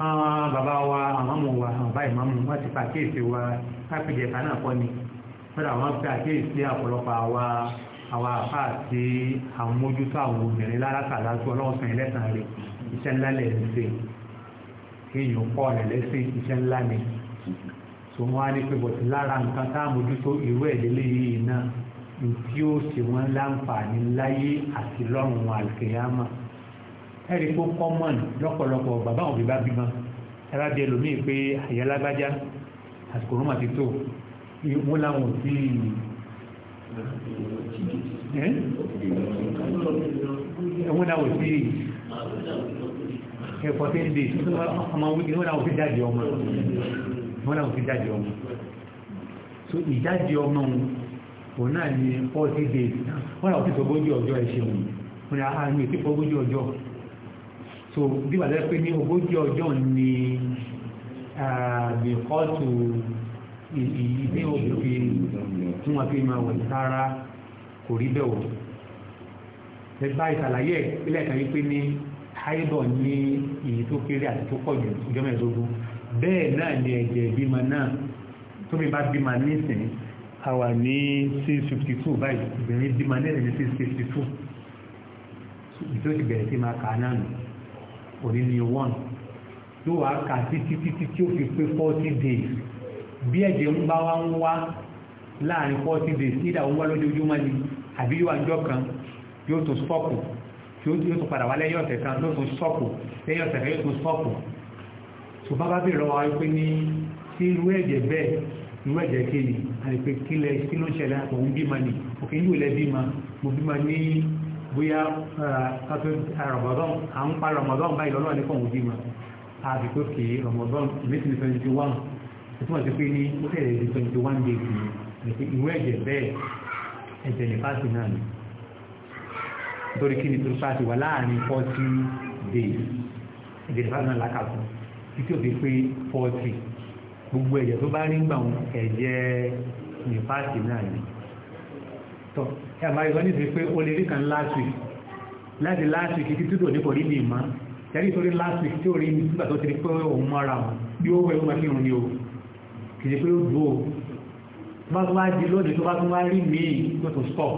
àwọn bàbá wa àwọn ọmọ wa àwọn bá ìmáàmù wọn ti pa kéèsì wa kápẹ́jẹ kan náà kọ́ ni wọ́n dà wọ́n pa kéèsì ọ̀pọ̀lọpọ̀ àwa àwa àfa àti àwọn mójútó àwọn obìnrin lárákàlá tó ọlọ́sàn ẹlẹ́sàn rẹ̀ iṣẹ́ ńlá lẹ̀ ń ṣe kéèyàn kọ́ ọ̀rẹ́ lẹ́sìn iṣẹ́ ńlá ni tó wọ́n á ní pé bọ̀tí lára nǹkan tá a mójútó irú ẹ̀ lélẹ̀ yìí náà tí ó ṣe wọ́n láǹfààní láyé àti lọ́rùn àlùkìyàmà ẹ̀rí pé kọ́mọ̀n lọ́pọ̀lọpọ̀ bàbá òbí bá bímọ ẹ bá bí ẹlòmíì pé àyà lágbájá àsìkò rúmà ti tó wọ́n láwọn ò tí ì wọ́n láwọn ò tí ì ẹ̀fọ́ tẹ́ ń dè wọ́n láwọn ò tí dájú ọmọ wọ́n láwọn fi jáde ọmọ so ìjáde ọmọ òun náà ni forty days wọ́n láwọn fi sọgbójì ọjọ́ ẹ̀ṣẹ̀ wọn wọ́n ní aha ní ètí fọgbójì ọjọ́ so bí wàá lẹ́pẹ́ ní ogójì ọjọ́ ni àbíkọ́tù ìdí òfin fún wọn fi máa wọ̀ sára kò rí bẹ́ẹ̀ wọ̀ ẹgbà ìsàlàyé ìpínlẹ̀ kan wípé ní haidọ̀ ní èyí tó kéré àti tó pọ̀ jù ọjọ́ mẹ́ẹ̀ẹ́dógún bẹ́ẹ̀ náà ni ẹ̀jẹ̀ ìbímọ náà tó bí bá bímọ nísìn a wà ní 652 báyìí obìnrin bímọ nílẹ̀ ní 652 tó ti bẹ̀rẹ̀ sí máa kà á náà nù òní ni 1 yóò wá kà títí títí tí ó fi pé 40 days bí ẹ̀jẹ̀ ń bá wá ń wá láàrin 40 days nídà ń wá lójoojúmọ́ ni àbí yóò wá jọ kan yóò tún sọ́ọ̀kù yóò tún padà wá lẹ́yìn ọ̀sẹ̀ kan yóò tún sọ́ọ̀kù lẹ́yìn ọ̀sẹ̀ kan yóò tún sọ́ọ̀kù tó bá bá bèèrè lọ́wọ́ ayé pé ní tí irú ẹ̀jẹ̀ bẹ́ẹ̀ irú ẹ̀jẹ̀ kéènì àìpé kílẹ̀ kí ló ń ṣẹlẹ̀ àtọ̀hún bímọ ni òkè yìí ò lẹ́ bímọ mo bímọ ní bóyá kátó ramadan à ń pa ramadan báyìí lọ́lọ́ nípa òun bímọ àbíkó kè é ramadan ìmẹ́sìn twenty one ó túmọ̀ sí pé ní ó fẹ̀rẹ̀ di twenty one days ni àìpé irú ẹ̀jẹ̀ bẹ́ẹ̀ ẹ̀jẹ̀ ní pàṣẹ náà ni nítorí kí ni tó pàṣẹ wà láàrin forty days ẹ̀jẹ̀ ní pàṣẹ náà lákàtún títí òfin pé fọ́ọ̀tì gbogbo ẹ̀jẹ̀ tó bá rí ń gbà wọn ẹ̀jẹ̀ nípaàtì náà ni tọ́ ẹ àmà ìwọ́n ní pé o lè rí kan last week láti last week títí tó ní kò rí ní ìmọ̀ yàrá ìtòrí last week tí ó rí nígbà tó ti rí pé òun mọ́ra wọn bí ó wẹ̀ ó máa fi hàn ní o kì í ṣe pé ó dùn o bá tún wá di lónìí tó bá tún wá rí míì tó tún stop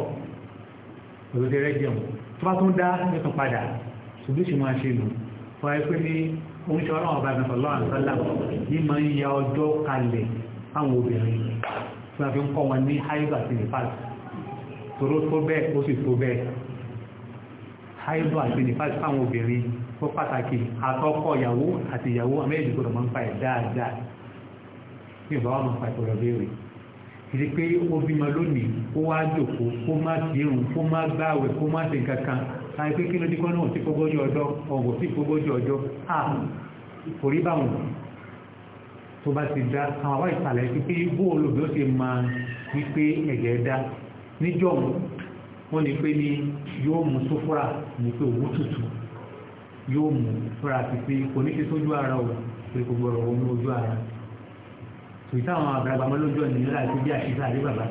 òdòdó rẹ jẹun tó bá tún dá tó tún padà ṣùgbọ́n ìṣìmọ̀ àṣẹ nù fọ oúnjẹ ọlọ́run ọba ìgbàfọ̀ lọ́wọ́ àǹsálà ní máa ń ya ọjọ́ kalẹ̀ fáwọn obìnrin tí wọ́n fi ń kọ́ wọn ní haiba àti nepal tòró tó bẹ́ẹ̀ ó sì tó bẹ́ẹ̀ haiba àti nepal fáwọn obìnrin ó pàtàkì àtọkọ ìyàwó àti ìyàwó amẹ́yẹ̀dì gbọdọ̀ máa ń pa ẹ̀ dáadáa ní ìbáwá máa ń pa ìgbọdọ̀ béèrè ìdí pé ó bímọ lónìí ó wá jòkó kó má kírun kó má gbáwẹ̀ kó má ṣe nǹkan kan àìpé kí ló dí kọ́nà òtí fógójì ọjọ́ ọgbọ̀ sí fógójì ọjọ́ àà kò rí báwọn tó bá ti dá àwọn àwọn ìsàlẹ̀ pípé bó olùbí ó ti máa wípé ẹ̀jẹ̀ dá níjọ́ wọn ni pé ni yóò mú sófúra ní pé owó tútù yóò mú fúra títí kò ní ṣe sójú ara o pé kò gbọdọ̀ wọnú ojú ara tòyí táwọn àgbàlagbà mọ́ lójú ọ̀nìyàn láti bí àṣìṣà àdé bàbá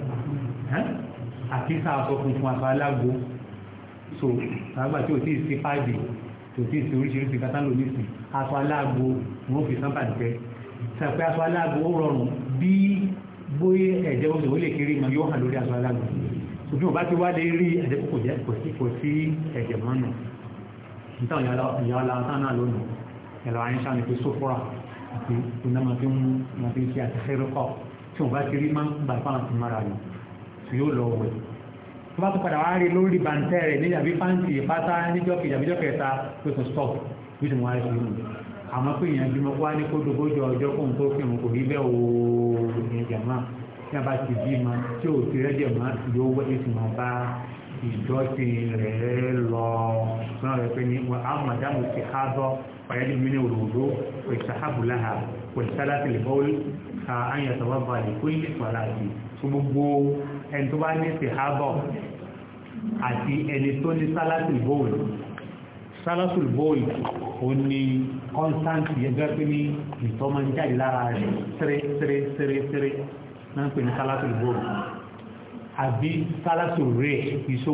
àṣìṣà àsọ so àgbà tí ò tí ì sí fáìbì tí ò tí ì sí oríṣiríṣi kátàló nísìn aṣọ aláàbò wọn ò fi sán bàjẹ́ sàpé aṣọ aláàbò ó rọrùn bí bóyá ẹ̀jẹ̀ oṣù ó lè kéré mọ yóò hàn lórí aṣọ aláàbò òbí wọn bá ti wá lè rí ẹ̀jẹ̀ kò jẹ́ kò sí ẹ̀jẹ̀ mọ́nà nítorí ìyá ọlá ọ̀tá náà lónìí ẹ̀rọ àyínṣà ni pé sófúra àti ìnáwó tí wọ́n fi ń ṣe àtẹ̀fẹ́rẹ́kọ̀ tí wọ́n bá ti rí máa ń gbà fáwọn ti mára lò tí yóò lọ wẹ̀ tó bá tún padà wá rí lórí bàǹtẹ́ rẹ̀ ní àbí fáǹtì ìfátá níjọ́ kejì àbíjọ́ kẹta pé kò stop bí tí mo wá rí sí i àmọ́ pé ìyànjú mo wá ní kódogójọ ọjọ́ kóhun tó fi hàn kò rí bẹ́ẹ̀ ooo ìyẹn jàmá tí a bá ti bí ma tí ò ti rẹ́jẹ̀ mọ́ yóò wẹ́ẹ́ ti mọ̀ bá ìjọsìn rẹ̀ lọ náà rẹ̀ pé ní àmàdámù ti há bọ́ ọ̀yẹ́dì òdòdó pẹ̀lú sàhábùláhà pẹ̀lú sálátìlì àyàtọ̀wọ́ balẹ̀ kó ilé pàlàjì tó gbogbo ẹni tó bá ní sèhábọ̀ àti ẹni tó ní sálátùl bóòlù sálátùl bóòlù ó ní constant yẹgbẹ́ pé ní ìtọ́ máa ń jáde lára rẹ̀ tẹ́rẹ́tẹ́rẹ́tẹ́rẹ́ náà ń pè ní sálátùl bóòlù àbí sálátùl rẹ̀ iṣó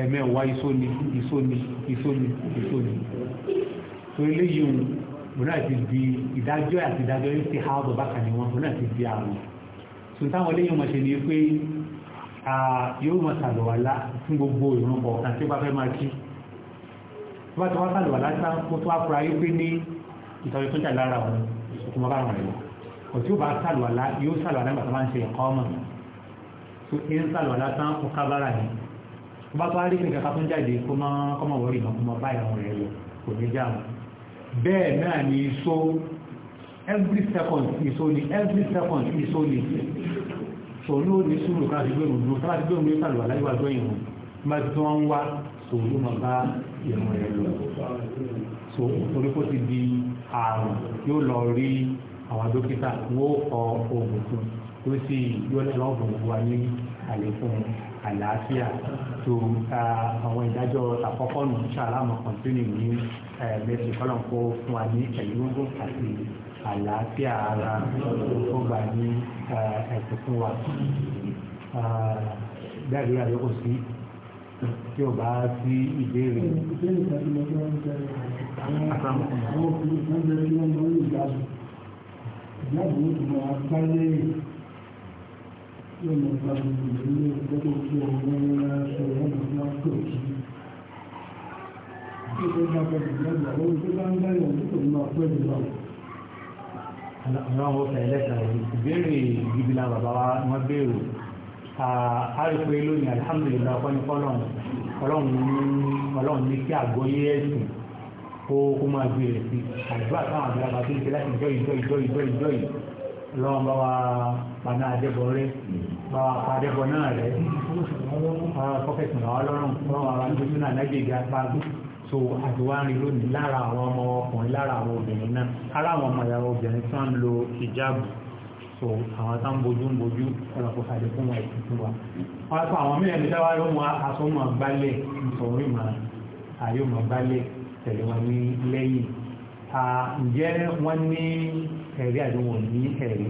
ẹ̀mẹ́wàá iṣó ni iṣó ni iṣó ni iṣó ni torí léyìí òun ti di ìdájọ́ àti ìdájọ́ yìí ti ha ọ̀dọ̀ bákan ni wọn òun ti di àrùn sùn táwọn eléyìí wọn ṣe ni pé yóò máa ṣàlùwàlá fún gbogbo ìrun kọ̀ọ̀kan tí ó bá fẹ́ máa kí tó bá ti wá ṣàlùwàlá tán kó tó wá fura yìí pé ní ìtọ́jú tó jà lára òun kó má bá rùn rẹ̀ kò tí ó bá ṣàlùwàlá yóò ṣàlùwàlá nígbà tó máa ń ṣe ẹ̀kọ́ ọmọ tó ti ń ṣàlùwàlá tán kó kábàrà yìí tó bá tó wá rí pé nǹkan tó ń jáde kó má wọrí mọ́ kó má bá ìrun rẹ̀ lọ kò ní já bẹ́ẹ̀ náà ni iṣó every second iṣó ni every second iṣó ni sòló ní sùúrù ká ti gbẹ̀rù dúró ká ti gbẹ̀rù ní sàlùwà láyé wájú ẹ̀yìn wọn má ti wọ́n ń wá sòló máa bá ìrùn rẹ̀ lọ so torí kó ti di àrùn yóò lọ rí àwọn dókítà wọ́n kọ oògùn fún un ó sì yọ lọ́wọ́ fún gbogbo wa ní àlékún àlàáfíà tó àwọn ìdájọ́ àkọ́kọ́ nù ṣàlámù kọ̀ǹtínì ní mẹ́sì kọ́lọ̀ fún wa ní ẹ̀yìnwógún àti àlàáfíà ara tó gbà ní ẹ̀sìn fún wa. bẹ́ẹ̀ ló yàgò sí tí ò bá sí ìbéèrè. àwọn òfin ìgbàlódé wọn lórí ìdájọ́ ìdájọ́ ìgbàlódé wọn Àwọn ọ̀fẹ́ ẹlẹ́ta ìbéèrè ìgbìbìlà bàbá wa wọ́n béèrè. Àárífẹ́ lónìí, alhamdulillah, ọ̀pọ̀ ní fọ́lọ́run. Ọlọ́run ní kí àgbọ́yé ẹ̀sìn kó máa gbé rẹ̀ sí. Àdúrà táwọn àgbàlagbà tó ń ṣe láti jọ́ ìjọ́ ìjọ́ ìjọ́ ìjọ́ yìí lọ́wọ́n bá wa paná adébọ̀ rẹ̀ bá wa pa adébọ̀ náà rẹ̀ bá wa pọ́kẹ́tì náà lọ́rùn bá wa wá gbé sínú ànágbé so àtiwárin lónìí lára àwọn ọmọ ọkùnrin lára àwọn obìnrin náà ara àwọn ọmọ ìyàwó obìnrin tí wọ́n ń lo ìjáàbù so àwọn tá ń bojú ń bojú ọlọ́pọ̀ sáré fún wọn ẹ̀sìn fún wa wọ́n sọ àwọn mílíọ̀nù dáwà ló mú aṣọ mọ̀ gbálẹ̀ nítorí mà àyò ẹ̀rí àdúgbò ní ẹ̀rí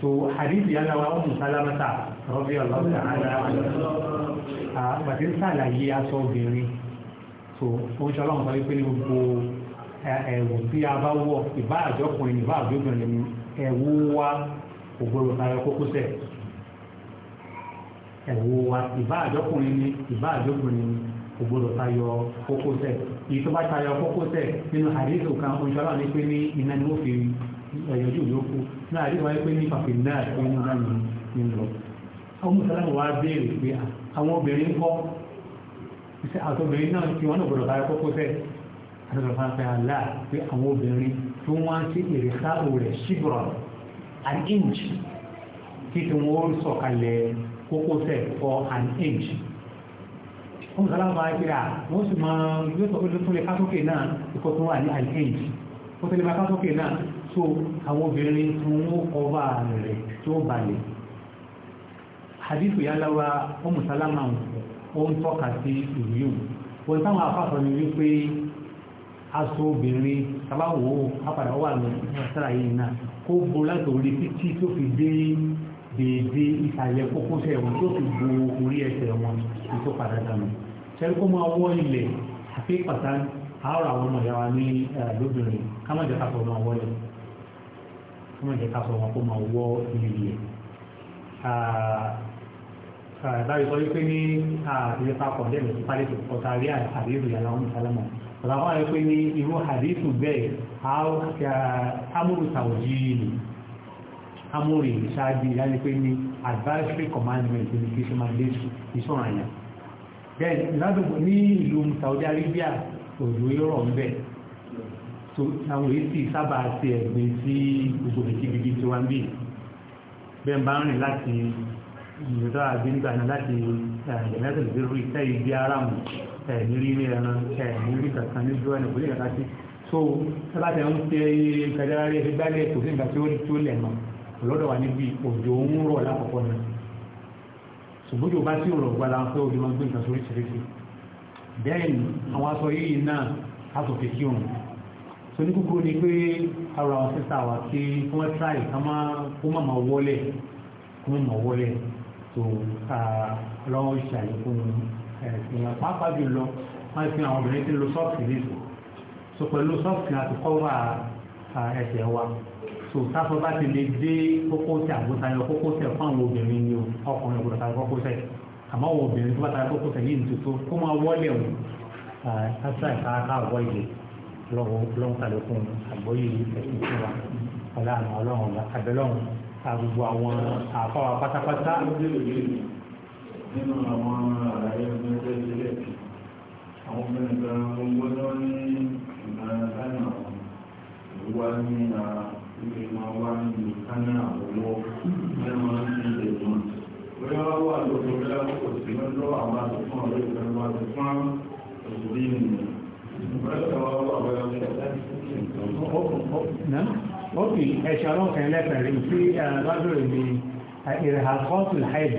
so àdìsí aláwa ọmọ sálámátà rọ́bì ọlọ́ọ̀tà àgbàtí ń sàlàyé aṣọ obìnrin so ó ń ṣe ọlọ́run sọ wípé ní gbogbo ẹ̀wù tí a bá wọ̀ ìbá àjọkùnrin ìbá àjọkùnrin ẹ̀wù wa kò gbọdọ̀ tayọ kókósẹ̀ ẹ̀wù wa ìbá àjọkùnrin ni ìbá àjọkùnrin ni kò gbọdọ̀ tayọ kókósẹ̀ èyí nínú àdìsí kan ó ń ní pé ní iná ni ó fi ẹ̀yọ̀jú yòókù náà àdéhùn wáyé pé ní pàpín náà pé ní náà ní ní lọ. àwọn mùsùlùmí wa béèrè pé àwọn obìnrin kọ́ àtọ́bìnrin náà tí wọ́n náà gbọ́dọ̀ bára kókó fẹ́ àtọ́bìnrin fún afẹ́ an inch kí tí wọ́n sọ̀kalẹ̀ kókó fẹ́ for an inch wọ́n sọ láwọn akẹ́rẹ́ à wọ́n sì máa yóò sọ pé tó lè fásókè náà ikọ̀ tó wà ní an inch ó tẹ̀lé máa fásókè náà so àwọn obìnrin tí wọ́n kọ́ba rẹ̀ tí ó balẹ̀ hadithu yalawa ọmọ sálámà ó ń tọ́ka sí ìlú yòó wọ́n táwọn afáfọ́ ni wípé aṣọ obìnrin sábàwò apàdà wà ní ìsára yìí náà kó bo láti orí títí tó fi dé dèédé ìsàlẹ̀ kókósẹ̀ wọn tó fi bo orí ẹsẹ̀ wọn tó padà dànù sẹ́ríkó máa wọ́ ilẹ̀ àfi pàtàkì àárọ̀ àwọn ọmọ ìyá ní lóbìnrin ká má jẹ́ ká fọ́ máa wọ́n máa jẹ́ ká sọ wọn kó máa wọ́ ibi yẹn. báyìí sọ wípé ní ilé papọ̀ dẹ́nu sí pálí tó kọta rí àdéhùn yàrá wọn sálámọ̀ ọ̀tà wọn rẹ̀ pé ní irú àdéhùn bẹ́ẹ̀ amúrù tàwùjí ni amúrù ìṣáájú ìyáni pé ní advisory commandment ní kí ṣe máa lé ìṣọ̀ràn yẹn. bẹ́ẹ̀ ní ìlú Saudi Arabia òjò yóò rọ̀ ń bẹ́ẹ̀ tó àwọn èyí sì sábà ṣe ẹ̀gbin sí gbogbo ìkíbíbí tí wọ́n ń bì bẹ́ẹ̀ bá ń rìn láti ìrọ̀lá àgbéǹgbà náà láti ìyàmẹ́sẹ̀ lórí rí tẹ́ ibi ara mu ẹ̀mí eh, rí ní ẹran ẹ̀mí eh, rí kankan lójú ẹ̀nà kò lè kàkà sí so sábà tẹ̀ ń ṣe kẹjọ́rẹ́ ẹgbẹ́ gbálẹ̀ kò sí nígbà tí ó tó lẹ̀ mọ́ ọlọ́dọ̀ wà níbi òjò ń rọ̀ lákọ̀ọ́kọ́ náà ṣùgbọ́n tí o bá sí ọ̀rọ̀ gba la ń fẹ́ ojú máa ń gbé nǹkan sórí ṣìṣẹ́ bẹ́ẹ̀ ni àwọn aṣọ yìí náà aṣọ kìkì so ní kúkúrú ni pé ara àwọn sísá wa kí wọ́n tíráì ká má kó má máa wọlé kó má máa wọlé tó lọ́wọ́ ṣàyẹ̀kún ẹ̀sìn yẹn pàápàá jùlọ wọ́n ti àwọn obìnrin ti lo sọ́ọ̀kì nìkú so pẹ̀lú sọ́ọ̀kì àti kọ́wà ẹsẹ̀ wa so sáfọ́ bá ti lè dé kókósẹ̀ àgbótayọ kókósẹ̀ fún àwọn obìnrin ni ọkùnrin ògbódò tàbí kókósẹ̀ àmọ́ àwọn obìnrin tó bá tàbí kókósẹ̀ yìí nìtòtò kó máa wọlé o káṣíà ìkáraká wọ ilé lọ́wọ́ lọ́nkàlẹ́kùn àgbọ́yé ẹ̀sìn fún wa ọ̀la àmọ́ ọlọ́run ọ̀la a àgbègbè àwọn àfáwà pátápátá. nínú àwọn àlàyé ọmọdé ilé àwọn obìnrin kan ń gbọ́dọ̀ ní ìgbà láìnà kánà àwòwọ́ mẹ́rin ń fi lè bóyá wà lóko bí lákòókò sí lọ́dọ̀ àwọn àtúntò ọ̀rẹ́ ìgbà wọn àti fún òṣèré ènìyàn ókè ẹ̀ṣọ́ ọlọ́kẹ́ lẹ́tẹ̀rẹ̀ sí lábẹ́rẹ̀ ní ìrẹ̀hàkọ́tù haid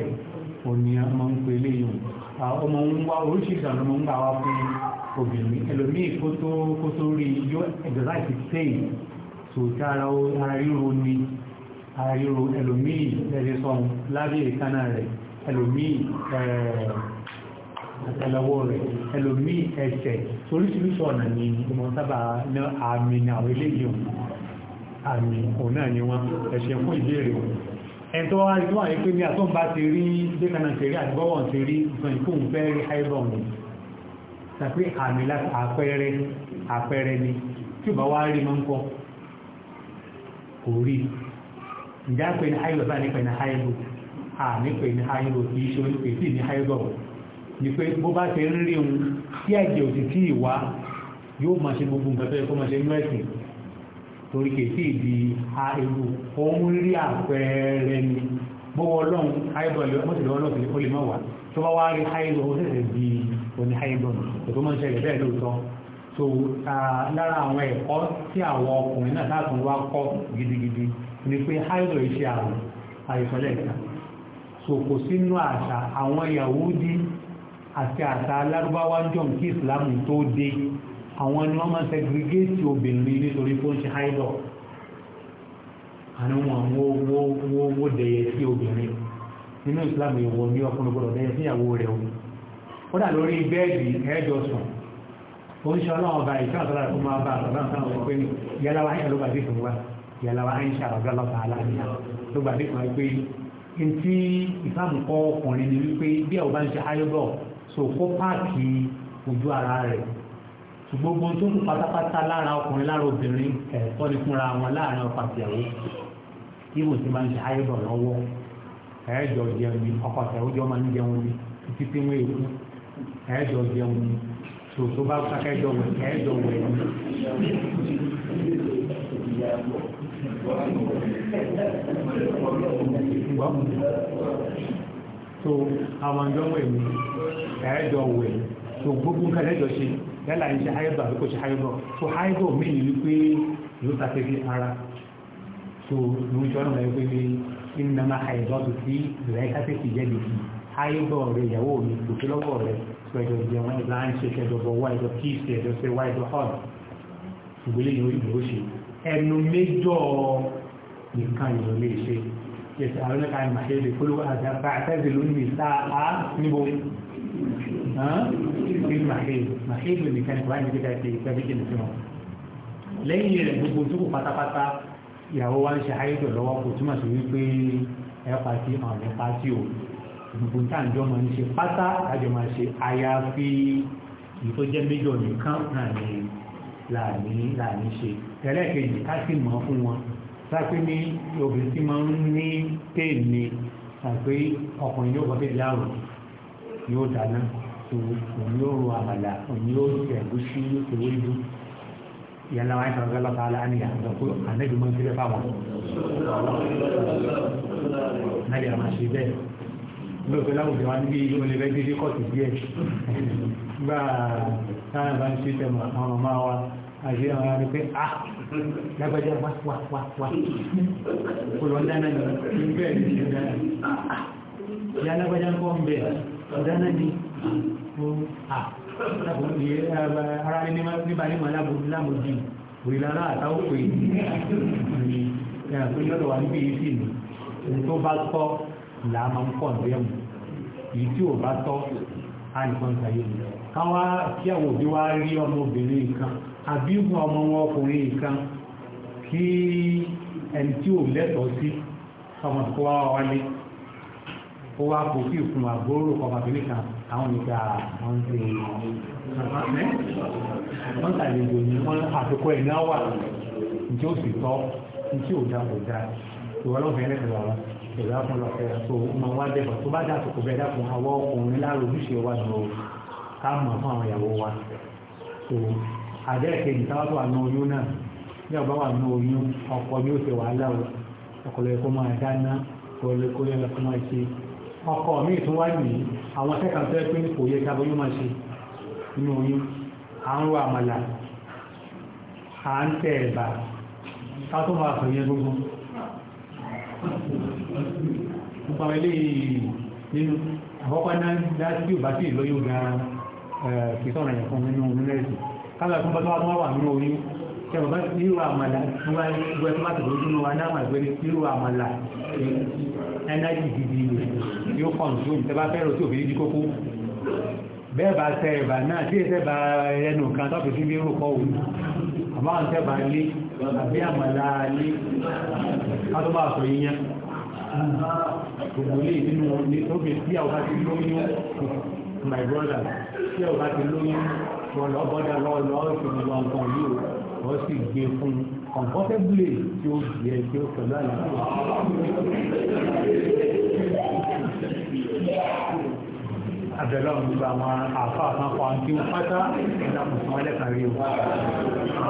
òní ọmọ ń pè léyìn ọmọ ń wá oríṣiríṣi ọ̀nà ọmọ ń gbà wá fún obìnrin ẹlòmíì kó tó kó tó rí yóò ẹ̀dọ̀láìsì sẹ́yìn tòótá ara ara ríro ni ara ríro ẹlòmíì ẹ̀dẹ̀ sọ̀hún lábẹ́ ìkánná rẹ̀ ẹlòmíì ẹ̀ẹ́ nǹkan lọ́wọ́ rẹ̀ ẹlòmíì ẹsẹ̀ oríṣiríṣi ọ̀nà ni mo sábà ní àmì ní àwọn eléyìí òun àmì òun náà ni wọ́n ẹ̀ṣẹ̀ fún ìbéèrè òun ẹ̀tọ́ wá ìtọ́ àyè pé ní àtọ́mbá ti rí dékanà ti rí àgbọ́wọ̀n ti rí nǹkan ìfóhùn fẹ́ rí haibon ni tàbí àmì láti àpẹẹrẹ àpẹẹrẹ ni tí ò bá wá rí máa ń kọ́ kò rí ìjà pé ní haibon bá nípa ní haibon àmì pé ní haibon kì í ṣe onípe sí ní haibon ni pé bó bá ṣe ń rí òun tí ẹ̀jẹ̀ ò sì tí ì wá yóò máa ṣe gbogbo nǹkan tó yẹ kó máa ṣe inú ẹ̀sìn torí kèsì ìdí àìlú òun rí àpẹẹrẹ ni bọ́wọ́ ọlọ́run àìbọ̀lẹ̀ mọ́tìlẹ̀ ọlọ́sìn ó lè má wà tó bá wá rí àìlú ó ṣẹ̀ṣẹ̀ di òní àìlú ètò máa ń ṣẹlẹ̀ bẹ́ẹ̀ lóòótọ́ so lára àwọn ẹ̀kọ́ tí àwọn ọkùnrin náà látún wá kọ́ gidigidi ni pé àìlú iṣẹ́ àrùn àìsọ̀lẹ̀ ìta so sínú àṣà àwọn Yahudi àti àṣà alárúbáwá john kí ìsìlámù tó dé àwọn ni wọ́n máa segregate obìnrin nítorí fún ṣe haidọ̀ àwọn wọn wó dẹ̀yẹ sí obìnrin nínú ìsìlámù ìwọ̀ ní ọkùnrin gbọ́dọ̀ dẹ̀yẹ sí ìyàwó rẹ̀ o ó dà lórí bẹ́ẹ̀dì ẹ̀ẹ́jọ sùn ó ń ṣe ọlọ́run ọba ìṣẹ́ àtọ́lá rẹ̀ kó máa bá àtọ́lá ń sáwọn pé yálàwá ń ṣàlùbà dé fún wa yálàwá ń ṣàlùbà lọ́ta aláàbíyá ló gbà dé fún wa pé ntí ìsìlámù ọkùnrin ni wípé bí ẹ̀ so kó páàkì ojú ara rẹ̀ ṣùgbọ́n gbogbo tó kù pátápátá lára ọkùnrin lára obìnrin ẹ̀tọ́ ni fúnra wọn láàrin ọkọ àtìyàwó ibo tí máa ń ṣe ayé bọ̀ lọ́wọ́ ẹ̀ẹ́dọ̀ jẹun ni ọkọ àtìyàwó jọ máa ń jẹun ni títí tí wọ́n èkú ẹ̀ẹ́dọ̀ jẹun ni tòótọ́ bá kákẹ́ ẹ̀ẹ́dọ̀ wẹ̀ ẹ̀ẹ́dọ̀ wẹ̀ ni. Gbọ́ so àwọn ọjọ́ wẹ̀ mí ẹ̀ẹ́dọ̀ wẹ̀ so gbogbo nǹkan ẹ̀ẹ́dọ̀ ṣe yálà ń ṣe háyébọ̀ àbí ṣe háyébọ̀ so háyébọ̀ mí ni wípé yóò sàfẹ́fẹ́ ara so ló ń sọ́nà ẹ̀ pé ìnana háyébọ̀ tó ti rẹ̀ káfíńsì jẹ́ lè fi háyébọ̀ rẹ̀ ìyàwó mi kò lọ́wọ́ rẹ̀ so ẹ̀dọ̀ jẹun ẹ̀dọ̀ láńṣe ẹ̀dọ̀ bọ̀ wá ẹ̀dọ̀ kíìsì ẹ̀dọ̀ ṣe wá ẹ̀dọ̀ hall ṣùgbọ́n lè ṣe ẹnu méjọ́ nìkan ìrọ̀lẹ́ ṣe يسألونك عن المحيض كل فاعتزلوا النساء نبو ها في المحيض محيض اللي كان قرآن كده في كتاب الجنة lẹ́yìn rẹ̀ gbogbo ojúkù pátápátá ìyàwó wa ń ṣe ayédò lọ́wọ́ kò túmọ̀ sí wípé ẹ pàtí àwọn ẹ̀ pàtí o gbogbo tá à ń jọ máa ń ṣe pátá àjọ máa ṣe àyàfi èyí tó jẹ́ méjọ nìkan náà ní làní sápé ní obìnrin tí máa ń ní téèmì àgbé ọkùnrin yóò bọ́tẹ́ di àrùn yóò dáná òun yóò ro àmàlà òun yóò tẹ̀gúsí owó ìlú yàrá wáyé sọ̀rọ̀ sọ̀rọ̀ sọ̀rọ̀ alá ni àgbà kó ànábì máa ń fi lẹ́fà wọn. nàbì àmà ṣe bẹ́ẹ̀ lóòótọ́ láwùjọ wa níbi ìlú olè bẹ́ẹ̀ dídí kọ́ọ̀tù díẹ̀ gbà táwọn bá ń ṣe tẹ̀mọ̀ àwọn ọmọ wa àṣírí àwọn ará pé ah lágbàjá wá wá wá wá kò lọ dáná ní bẹ́ẹ̀ ní ṣe dáná ìyá lágbàjá kọ́ ń bẹ̀ ọ̀dáná ni ah, ara ní nípa ní màá lábòjì òrìlára àtàwọn pé ìyàpé lọ́dọ̀ wà níbi yìí sì ní ohun tó bá tọ́ là á máa ń pọ̀ ní ẹ̀mù èyí tí ò kí àwọn òbí wa rí ọmọbìnrin kan àbí gun ọmọ wọn ọkùnrin nǹkan kí ẹni tí ò lẹ́tọ̀ọ́ sí ọmọ tó wá wálé ó wá kò sí ìfún àgbóró ọmọ tó nìkan àwọn nìkan àwọn ń ṣe wọ́n tàlejò ní wọ́n àtòkọ ẹ̀ náà wà ní ó sì tọ́ ní ò dá kò dá ìwọ́n lọ́fẹ̀ẹ́ ẹlẹ́sìn lọ́wọ́ ìwà fún lọ́fẹ̀ẹ́ tó máa wá dẹ́gbà tó bá dá àtòkò bẹ́ẹ̀ dákun àwọn ọkùnrin láàrọ̀ ojúṣe wa ni ká mọ̀ fún àwọn ìyàwó wa àdẹ́ kejì táwọn tó wà oyún náà bí ọba wà ní oyún ọkọ ni ó ṣe wàhálà o ọkọlọ ẹ̀kọ́ máa dáná ọkọlọ ẹ̀kọ́ máa ṣe ọkọ mi tún wá nì àwọn akẹ́kọ̀ọ́ tó yẹ pé kò yẹ ká bóyún máa ṣe nínú oyún à ń ro àmàlà à ń tẹ ẹ̀bà ká tó máa fẹ̀yẹ gbogbo nípa eléyìí nínú àkọ́kọ́ náà dá sí òbá ìlóyún gan-an kìí sọ̀rọ̀ ẹ̀yàn nínú orílẹ̀-èdè kálọ̀ tó bọ́tọ́ wọn wà nínú oyún kẹwọ́n bá nírú àmàlà tí wọ́n ní ìgbẹ́ tó bá tẹ̀lé nínú wa náà màgbé nírú àmàlà ẹnájì eh, gidi rẹ̀ yóò kàn tó tẹ bá fẹ́ràn tí òfin yìí di kókó bẹ́ẹ̀ bá tẹ ẹ̀bà náà tí èsẹ̀ bá ẹnu kan tó fi sí bí rò kọ́ òun àmọ́ àwọn tẹ́ bá lé àbí àmàlà lé ká tó bá sọ yíyan gbogbo lè nínú ní tó àwọn bá ti lóyún my brother sí àwọn bá ti lóyún wọ́n lọ bọ́dà lọ́wọ́ lọ́wọ́ ìṣòro lọ́wọ́ nǹkan yìí o wọ́n sì gbé fún comfortably tí ó yẹ tí ó pẹ̀lú àlàáfíà. Abẹ́lẹ́ ọ̀hún gbogbo àwọn àfa àtàkùn àti òkúta ìdàkùn fún ẹlẹ́kàrí o.